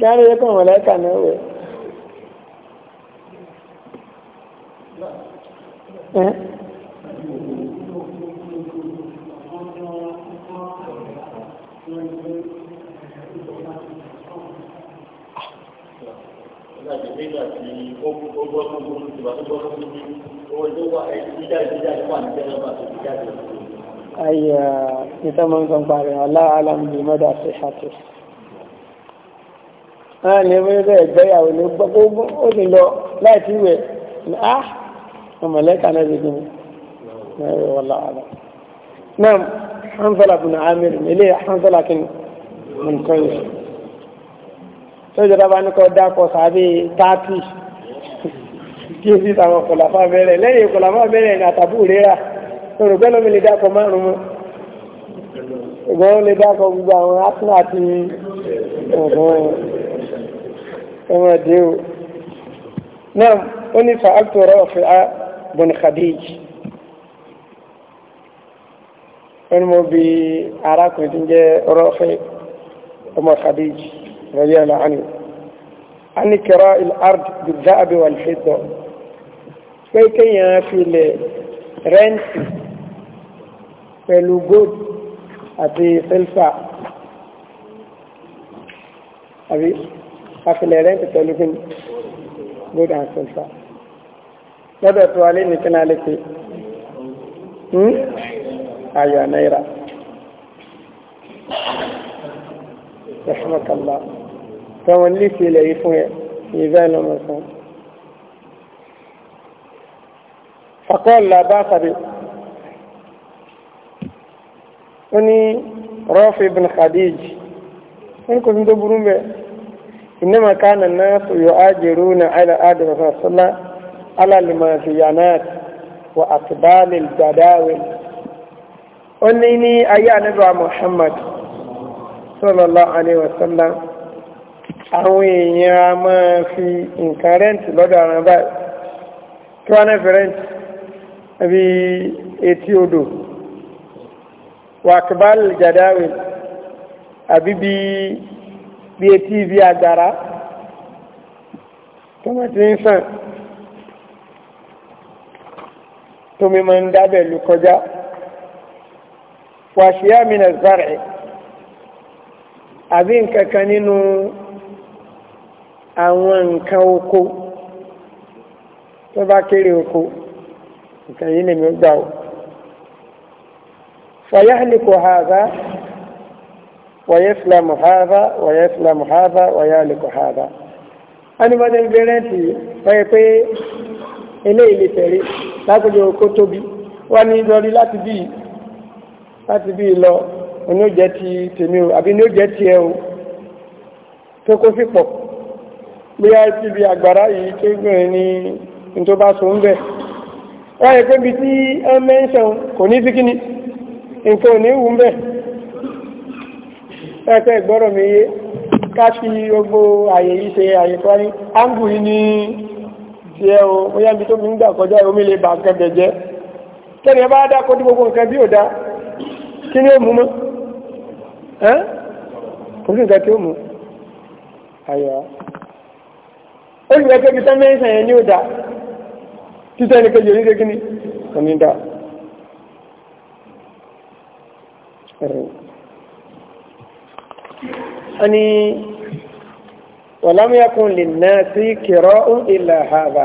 gáàrí yẹ́ kọ̀ wọ̀n náà wẹ̀ ẹ́ láti kita tí ó gbọ́ tó gbọ́ tó gbọ́ tó gbọ́ tó gbọ́ owó tó wà ìdíjà ìdíjà wà ní jẹ́rọ̀bà tó ti jáde. ní ni wọ́n gbogbo ó ti lọ láì tí á ọmọlẹ́ka náà ti gbìn. wọ́n lọ́wọ́ hanzala bùnà amir ilé hanzala kí ni nǹkan yìí sójọba bá ní kọ́ dákọ̀ sàbí tààtì kí o sì tàwọn kọ̀làfà bẹ̀rẹ̀ lẹ́yìn kọ̀làfà bẹ̀rẹ̀ ní àtàbù rírà lórí pẹ́lú mi lè dákọ̀ márùn-ún ìgbọ́n lè dákọ̀ gbogbo àwọn atúnà àti ọ̀gbọ́n ẹ̀wọ̀n dé o náà ó ní fa àtúrọ̀ ọ̀fẹ́ bùnà khadij ó ní mo bi arákùnrin tí ń jẹ́ rọ́fẹ́ ọmọ khadij rẹ̀lẹ́ ọ̀la ànú a ní kẹrọ ìlàrd gbìdá àbí wà lẹ́tọ̀ pé kéèyàn fi lè rẹ́ǹtì pẹ̀lú gold àti silver àbí a fi lè rẹ́ǹtì pẹ̀lú gold and silver lọ́dọ̀ tó wà lé nìkan آية نيرة رحمك الله توليت إليه إذا لم مثلا فقال لا باس به أني رافع بن خديج ان كنت انما كان الناس يؤاجرون على ادم صلى الله عليه وسلم على المازيانات واقبال الجداول ó ní ní ayé ànábà Muhammad sallallahu alaihi wasallam àwọn èèyàn a máa fi nǹkan rẹ́ǹtì lọ́dọ̀ ara báyìí kí wọ́n náà fi rẹ́ǹtì àbí etí odò wàkìbál jàdáwìn àbí bí etí ibi àgbàrá tó mọ̀ tí ń sàn tó mi ń dábẹ̀ lù kọjá wàṣíyá mi nà zárẹ̀ àbí nǹkan kan nínú àwọn nǹkan oko tó bá kéré oko nǹkan yìí lèmi gbà ó fàyáhìlìkò hàdá wàyẹ́sìlámù hàdá wàyẹ́sìlámù hàdá wàyáhìlìkò hàdá wọ́n ní bọ́dẹ̀ bẹ́rẹ̀ntì wáyé pé ilé ìlẹ̀ tẹ̀rí lágbègbè oko tóbi wọ́n ní lórí láti bíi láti bí lọ oní ó jẹ́ ti tèmi o àbí ní ti ẹ o tó kó sí pọ̀ bóyá ti bí àgbàrá yìí tó gbìyàn ní tó bá so ń bẹ̀ wọ́n yẹ pé bí tí ẹ mẹ́ńsàn kò ní sí nǹkan ò ní wù ń bẹ̀ ìgbọ́rọ̀ mi yé ká fi gbogbo àyè yìí ṣe àyè tó áńgù yìí ní ti o bóyá ibi tó ń gbà kọjá omi lè bà gbogbo nǹkan bí ò kí ni ó mú mọ́ ẹ́ kò sí nǹkan tí ó mú àyà ó sì rẹ́pẹ́ títẹ́ mẹ́sàn yẹn ní ó dá kejì oníṣẹ́ kí ni òní dá ẹni wàlámúyàkùn lè náà sí kìrọ́ ìlà hàbà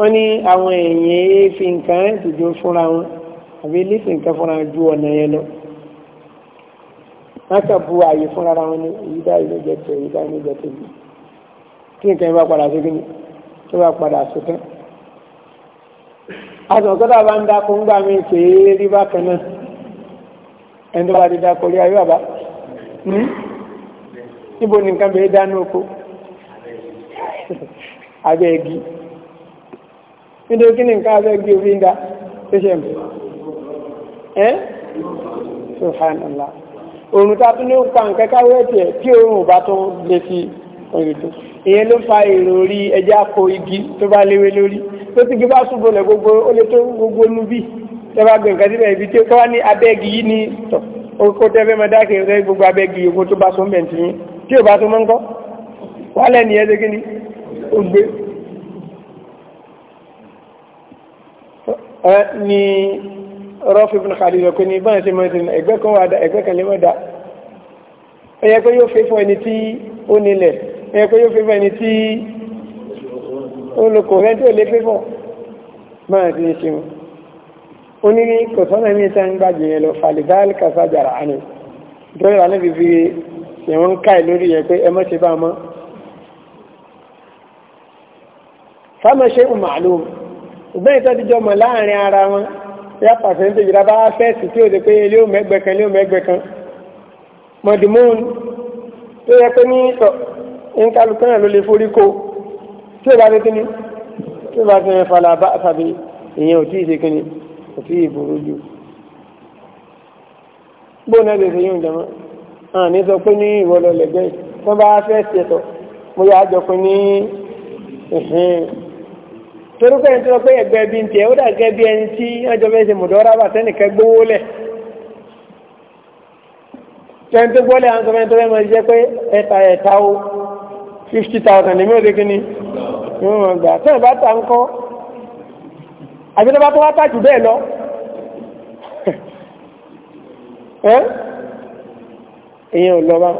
wọ́n ní àwọn èèyàn fi nǹkan ìtòjò fúnra wọn àbí lífi nǹkan fúnra ju ọ̀nà yẹn lọ wọ́n kà bu ààyè fúnra wọn ní èyí dá ìlú jẹ tẹ èyí dá ìlú jẹ tẹ yìí kí nǹkan yẹn bá padà sí kíni tó bá padà sí tán. àtọ̀kọ́tà bá ń dákú ń gbà mí pé rí bákan náà ẹni tó bá ti dákú rí ayé bàbá hmm? níbo nìkan bẹ̀rẹ̀ dánú oko abẹ́ nítorí kí ni nǹkan abẹ́ gbé orí ń ga tó ṣe mú ẹ́ subhanallah òrùn tá a tún ní pa nǹkan káwé tiẹ̀ tí òrùn bá tún lè fi òyìnbó ìyẹn ló fa èrò orí ẹja kó igi tó bá léwé lórí tó ti gbé bá ṣubú lẹ̀ gbogbo ó lè tó gbogbo nú bí tẹ́wà gbé nǹkan síbẹ̀ ibi tí ó kọ́ ní abẹ́gi yìí ní tọ̀ orúkọ tẹ́fẹ́ máa dákẹ́ rẹ gbogbo abẹ́gi yòókù tó bá sọ́ńbẹ̀ntì yín tí ò bá tó mọ́ ń kọ́ wálẹ̀ nìyẹn ṣe kí ni ó gbé ní rọ́fì ibn Khalid rẹ̀ pé ní báyìí ṣe máa ṣe ẹgbẹ́ kan wà dá ẹgbẹ́ kan lè mọ́ dá ẹ yẹ pé yóò fẹ́ o ẹni tí ó nílẹ̀ ẹ yẹ pé yóò fẹ́ fún ẹni tí olùkọ́ rẹ̀ tí ò lè fẹ́ fún báyìí ṣe ṣe wọn ó ní kò sọ́nà ní ìta ń gbàjì yẹn lọ falidal kasajara ani dọ́yọ̀ alẹ́ bíbí ṣẹ̀wọ̀n káì lórí yẹn pé ẹ mọ́ ṣe bá mọ́ fáma ṣe ń màlúù ṣùgbọ́n ìtọ́ ti jọmọ̀ láàrin ara wọn ya pàṣẹ́ntéjì rà bá fẹ́ẹ̀sì tí ó ti pé ilé ò mẹ́gbẹ̀ kan ilé ò mẹ́gbẹ̀ kan mọ̀dìmọ́ọ̀nù tó yẹ pé ní ìtọ̀ ìkálukọ́ náà ló lè forí kó tí ó bá ti kíní tí ó bá ti rìn falà bá tàbí ìyẹn ò tí ì ṣe kíní kò tí ì burú jù gbóná lè ṣe yóò jẹmọ́ àwọn ní sọ pé ní ìwọ lọ tí wọ́n bá fẹ́ẹ̀sì ẹ̀tọ́ mo yà á jọ pé ní ìhìn torúkọ ẹni tó lọ pé ẹgbẹ́ bí n tiẹ̀ ó dà gẹ́ bí ẹni tí ọjọ́ bẹ́ẹ̀ ṣe mọ̀dọ́rà bá tẹ́nìkan gbówó lẹ̀ tẹ́ni tó gbọ́lẹ̀ àwọn tọ́mẹ́ni tó fẹ́ mọ̀ jẹ́ pé fifty thousand èmi ò dé kíni ni wọ́n mọ̀ gbà tẹ́ni bá ta ń kọ́ àbí tó bá tó wá ò lọ bá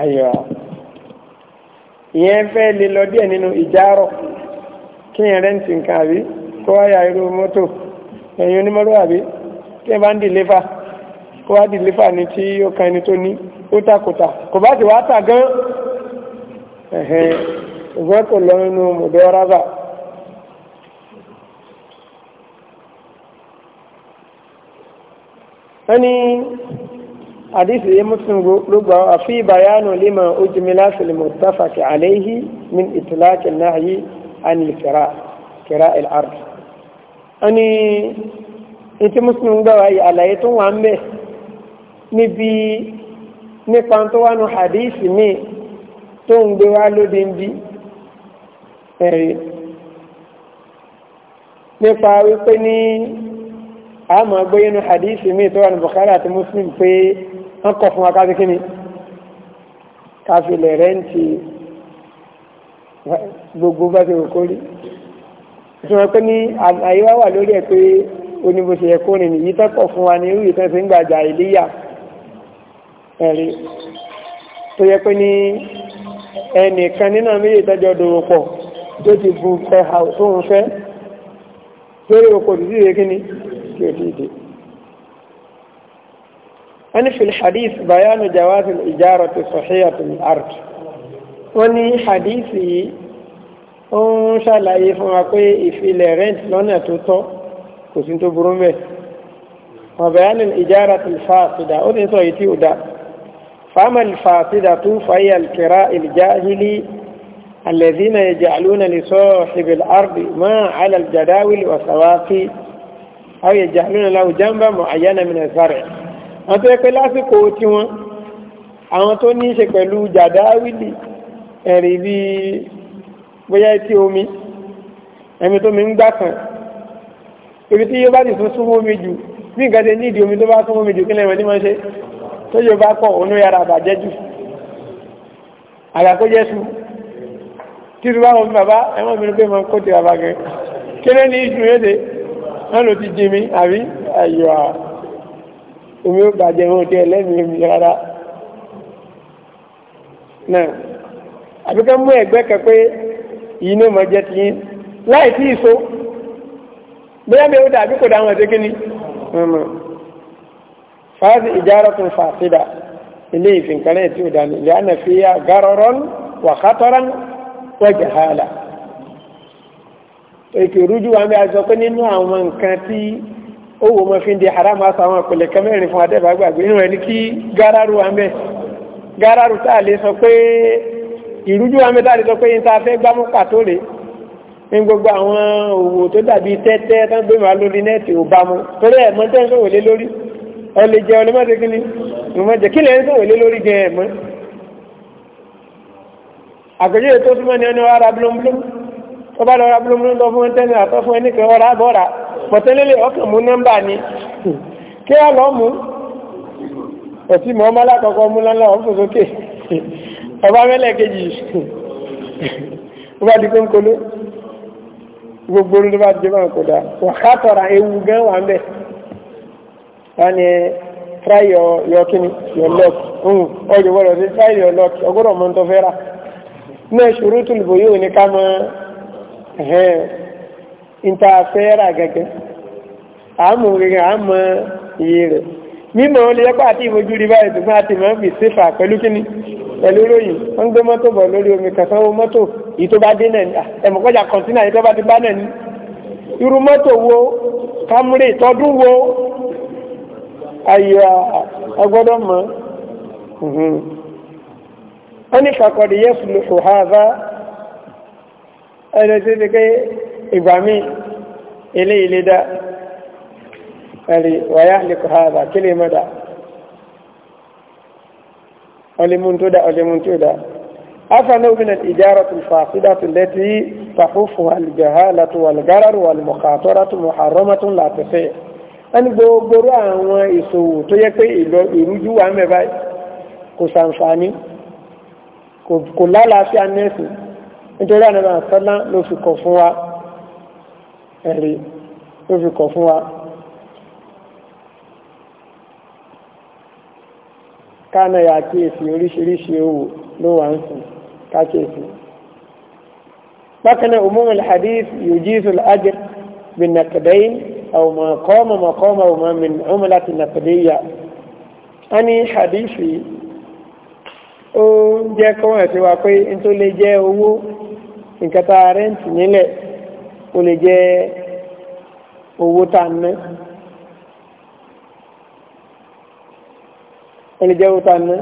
ayọ̀ ìyẹn fẹ́ lè lọ díẹ̀ nínú ìjárọ̀ kí yẹn rẹ́ǹtì nǹkan àbí kó wáyà irú mọ́tò ẹ̀yìn onímọ́tò àbí kí yẹn bá ń dìlẹ́fà kó wá dìlẹ́fà ní tí ó kan ẹni tó ní ó takòtà kò bá ti wá tà gan ṣùgbọ́n kò lọ nínú mọ̀dọ́ rábà wọ́n hadith yìí muslim ló gbà wá fi bayanu lima ujumila fil muttafaqi alayhi min itlaq an-nahyi an al-qira' qira' al-ard ani inti muslim gbà wá yìí àlàyé tó wà ńbẹ̀ níbi nípa tó wà nù hadith mi tó ń gbé wá lóde ń bí ẹ̀rí nípa wípé ní àmọ́ gbé inú hadith mi tó wà ní Bukhari àti muslim pé wọ́n kọ̀ fún wa káfí kíni káfí lè rẹ́ǹtì gbogbo bá ti rògbò rí ìṣòro pé ní àyè wá wà lórí ẹ̀ pé oníbo ṣe yẹ kó rìn nìyí tẹ́kọ̀ fún wa ní irú ìtàn fi ń gbàjà ìléyà ẹ̀rí tó yẹ pé ní ẹnìkan nínú méjì tẹ́jọ dòwò tó ti bu ẹ̀hà tó ń fẹ́ lórí òkò òdìdí rẹ̀ kíni kí o ti dè wọ́n ní fil hadith bayanu jawazil ijarati sahihatil ard wọ́n ní hadith yìí ó ń ṣàlàyé fún wa pé ìfilẹ̀ rent lọ́nà tó tọ́ kò sí tó burú mẹ́ wọ́n bayanil ijaratil fasida ó ti sọ yìí tí ó dá fámàl fasida tún fàyà kira ìjáhìlì الذين يجعلون لصاحب الأرض ما على الجداول والسواقي أو يجعلون له جنبا معينا من الزرع wọ́n tó yẹ pé lásìkò tí wọ́n àwọn tó ní í ṣe pẹ̀lú jàdáwìlì ẹ̀rì bí bóyá etí omi ẹ̀mí tó mi ń gbà kan ibi tí yóò bá ti tún súnmọ́ omi jù ní nǹkan tẹ nídìí omi tó bá súnmọ́ omi jù kí lẹ́wọ̀n ní máa ṣe tó yóò bá pọ̀ òun yára àbàjẹ́ jù àgbàkó omi ó bàjẹ́ wọn tí ẹlẹ́mìí mi rárá náà àbíká mú ẹgbẹ́ kan pé yìí ní ọmọ jẹ́ ti yín láì tí ì so bóyá bí ó dà bí kò dá wọn ṣégé ni fáàsì ìjáratun fàṣídà ilé ìfìǹkanlẹ̀ tí ó dà ní ilé àná fi yá gárọrọ́n wà kátọ́rán èkè rújú wa ń bẹ àṣọ pé nínú àwọn nǹkan tí O wò mọ́ fi ń di haram àtàwọn ìpìlẹ̀ kẹmẹ́rin fún adẹ́bàgbàgbé inú ẹni kí gáràrù amẹ́ gáràrù tá a lè sọ pé ìrújú amẹ́ tá a lè sọ pé yín tá a fẹ́ gbámú pàtó rè ní gbogbo àwọn òwò tó dàbí tẹ́tẹ́ tán gbé wàá lórí nẹ́ẹ̀tì ò bá torí ẹ̀ mọ́ tẹ́ńsọ̀ wòlé lórí ẹ lè jẹ ọlẹ́mọ́tẹ́ kí ni ìmọ̀jẹ̀ kí lẹ́yìn tó wòlé lórí gan ẹ̀ mọ́ àgbẹ̀jẹ̀ tó túmọ̀ ní ẹni ọ̀rá blómblóm tó bá lọ ra blómblóm lọ fún ẹni àtọ́ fún ẹni kan ọ̀rá pọ̀tẹ́lẹ́lẹ̀ ọkàn mú nọ́mbà ni kí á lọ mú ọtí mọ́ ọmọ alákọ̀ọ́kọ́ mú lọ́nà ọ̀fọ̀ sókè ọba mẹ́lẹ̀ kejì ọba dìgbò ń kolo gbogbo orin tó bá dìgbò ń kódà wàhátọ̀ra ewu gan wà ń bẹ̀ wọ́n ni try your your kini your luck ọjọ́ gbọ́dọ̀ sí try your luck ọgọ́dọ̀ mọ́ ń tọ́ fẹ́ rà náà ṣòro tùlùbọ̀ ẹ̀hẹ́n níta fẹ́ gẹ́gẹ́ àmọ́ gẹ́gẹ́ àmọ́ iye rẹ̀ mímọ̀ ó lè yẹ́pà àti ìfojú rí báyìí ṣùgbọ́n àti mọ̀ bí sífà pẹ̀lú kíní pẹ̀lú ròyìn wọ́n gbé mọ́tò bọ̀ lórí omi kàtàn owó mọ́tò yìí tó bá dé náà ti wo wo ìgbà míì ilé ilé dá ẹ̀rí wàyá lè kọ̀ hàdà kí lè mọ́ dá ọlẹ́mún tó dá ọlẹ́mún tó dá أفنوا من الإجارة الفاسدة التي تحفها الجهالة والغرر والمخاطرة محرمة لا تصيح ẹni gbogbo àwọn ìṣòwò tó yẹ pé ìrújú wà ń bẹ̀bá kò sàǹfààní kò lálàáfíà nẹ́ẹ̀sì nítorí àwọn àṣọ́lá ló fi kọ̀ fún wa ẹ̀rí ó fi kọ̀ fún wa káàmì ẹ̀yà kíyèsí oríṣiríṣi owó ló wà ń sùn káàkiri bákanáà umumul hadith yujizu al-ajr bin naqdayn aw ma qama maqama aw ma min umlati naqdiyya ani hadithi ó jẹ́ kọ́wọ́n ẹ̀sìn wa pé n tó lè jẹ́ owó nǹkan tá a rẹ́ǹtì nílẹ̀ ó lè jẹ́ owó tá a ná ó lè jẹ́ owó tá a ná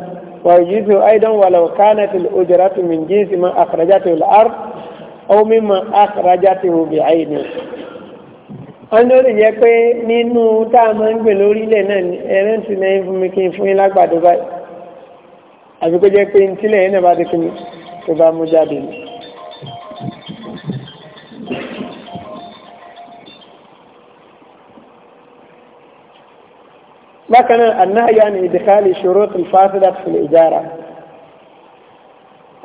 ويجوز أيضا ولو كانت الأجرة من جنس ما أخرجته الأرض أو مما أخرجته بعينه ọlọ́run jẹ́ pé nínú tá a máa ń gbè lórílẹ̀ náà ni ẹran ti náà fún mi kí n fún yín lágbàdo báyìí àbí jẹ́ pé ntílẹ̀ yẹn náà bá ti kí ni tó bá mú jáde ni. bákan náà annáhàyà ni ìdíkàlì ṣòro tó fásilà fìlẹ̀ ìjára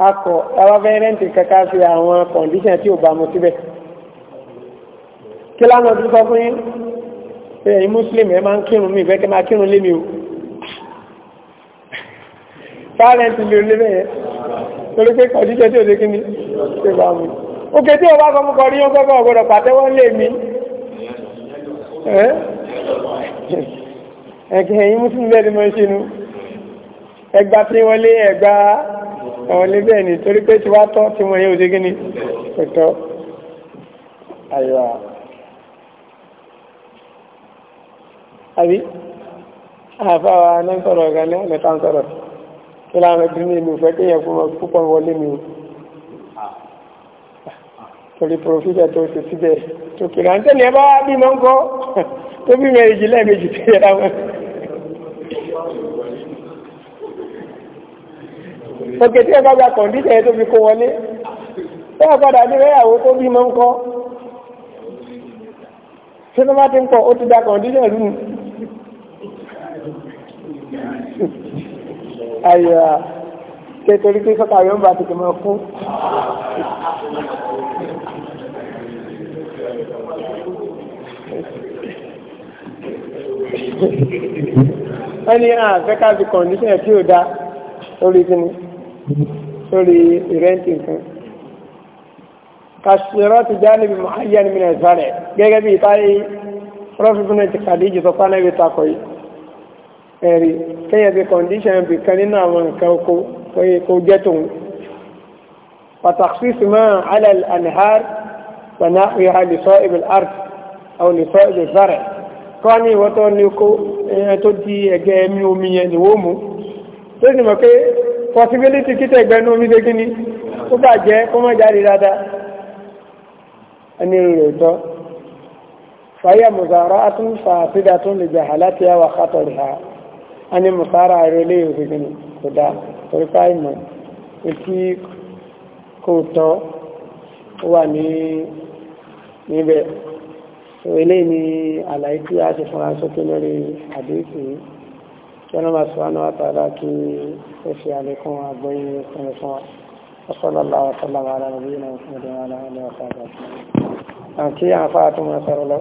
akọ ẹwà fẹ́rẹ́ǹtì kẹta sí àwọn kọ̀ǹdíṣàn tí ò bá mu síbẹ̀ kí lánàá tó sọ fún yín pé ẹ̀yin mùsùlùmí ẹ máa ń kírun mí ìfẹ́ kẹ́ máa kírun lé mi o fáàrẹ́ǹtì lè lé bẹ́ẹ̀ torí pé kọ̀ǹdíṣàn tí ò lé kíní tó bá mu òkè tí ò bá sọ fún kọrí yóò gbọ́gbọ́ ọ̀gbọ́dọ̀ pàtẹ́wọ́ lé mi ẹ̀kẹ́ ẹ̀yìn mùsùlùmí bẹ́ẹ̀ ni mọ́ ṣe nu ẹgbà tí wọlé ẹgbà àwọn ilé bẹ́ẹ̀ ni torí pé ti wá tọ́ tí wọ́n yẹ òṣè gíní ọ̀tọ́ àyíwá àbí àfáwà náà sọ̀rọ̀ ọ̀gá náà lẹ́ta ń sọ̀rọ̀ kí láwọn ẹgbẹ́ mi ìlú fẹ́ kéèyàn púpọ̀ wọlé mi o torí profita tó ṣe síbẹ̀ tó kìlà ń tẹ́lẹ̀ bá bí mọ́ ń kọ́ tó bí mẹ́rin jìlẹ́ méjì tẹ́lẹ̀ láwọn òkè tí ẹ bá gba kọ̀ǹdíṣà yẹn tó fi kó wọlé tó wà padà ní rẹ́yàwó tó bí máa ń kọ́ ṣé tó bá ti ń kọ́ ó ti da kọ̀ǹdíṣà lù ú. àyà ṣe torí pé sọ́kà yóò bá tètè máa kú. Thank you wọ́n ní àfẹ́ ká fi kọ̀ǹdíṣẹ̀ tí ò dá lórí kíni lórí ìrẹ́ǹtì nǹkan kàṣírọ́ ti já níbi mọ̀háyà ní mìíràn ìsàlẹ̀ gẹ́gẹ́ bí ìtàrí prọfífúnẹ̀ ti kàdíjì tó pánẹ́ bí takọ̀ yìí ẹ̀rí kéyẹ̀ bí kọ̀ǹdíṣẹ̀ bí kan nínú àwọn nǹkan oko kọ́ ní ìwọ́ tó ní oko tó di ẹ̀gẹ́ ẹ̀mí omi yẹn ni wọ́n mú tó sì mọ̀ pé possibility títẹ̀ ìgbẹ́nu omi ṣe kíní ó bàjẹ́ kó mọ̀ jáde dáadáa ẹni rẹ̀ tọ́ fàyà mùsàárọ̀ atún fàásídà tó lè jà àláti àwà kátọ̀ rẹ̀ ha a ní mùsàárà rẹ̀ lè yóò ṣe kíní kò dá so ilé ni àlàyé tí a ṣe fúnra sókè lórí àdéhùn yìí kí ọlọ́mà sọ́nà àtàrà kí ó fi àlékún àgbóyìn ìpínlẹ̀ fún wa ọ̀sọ́lọ́lá ọ̀sọ́lọ́wà ara rẹ̀ bí náà fún ọdún ara rẹ̀ ọ̀sọ́lọ́wà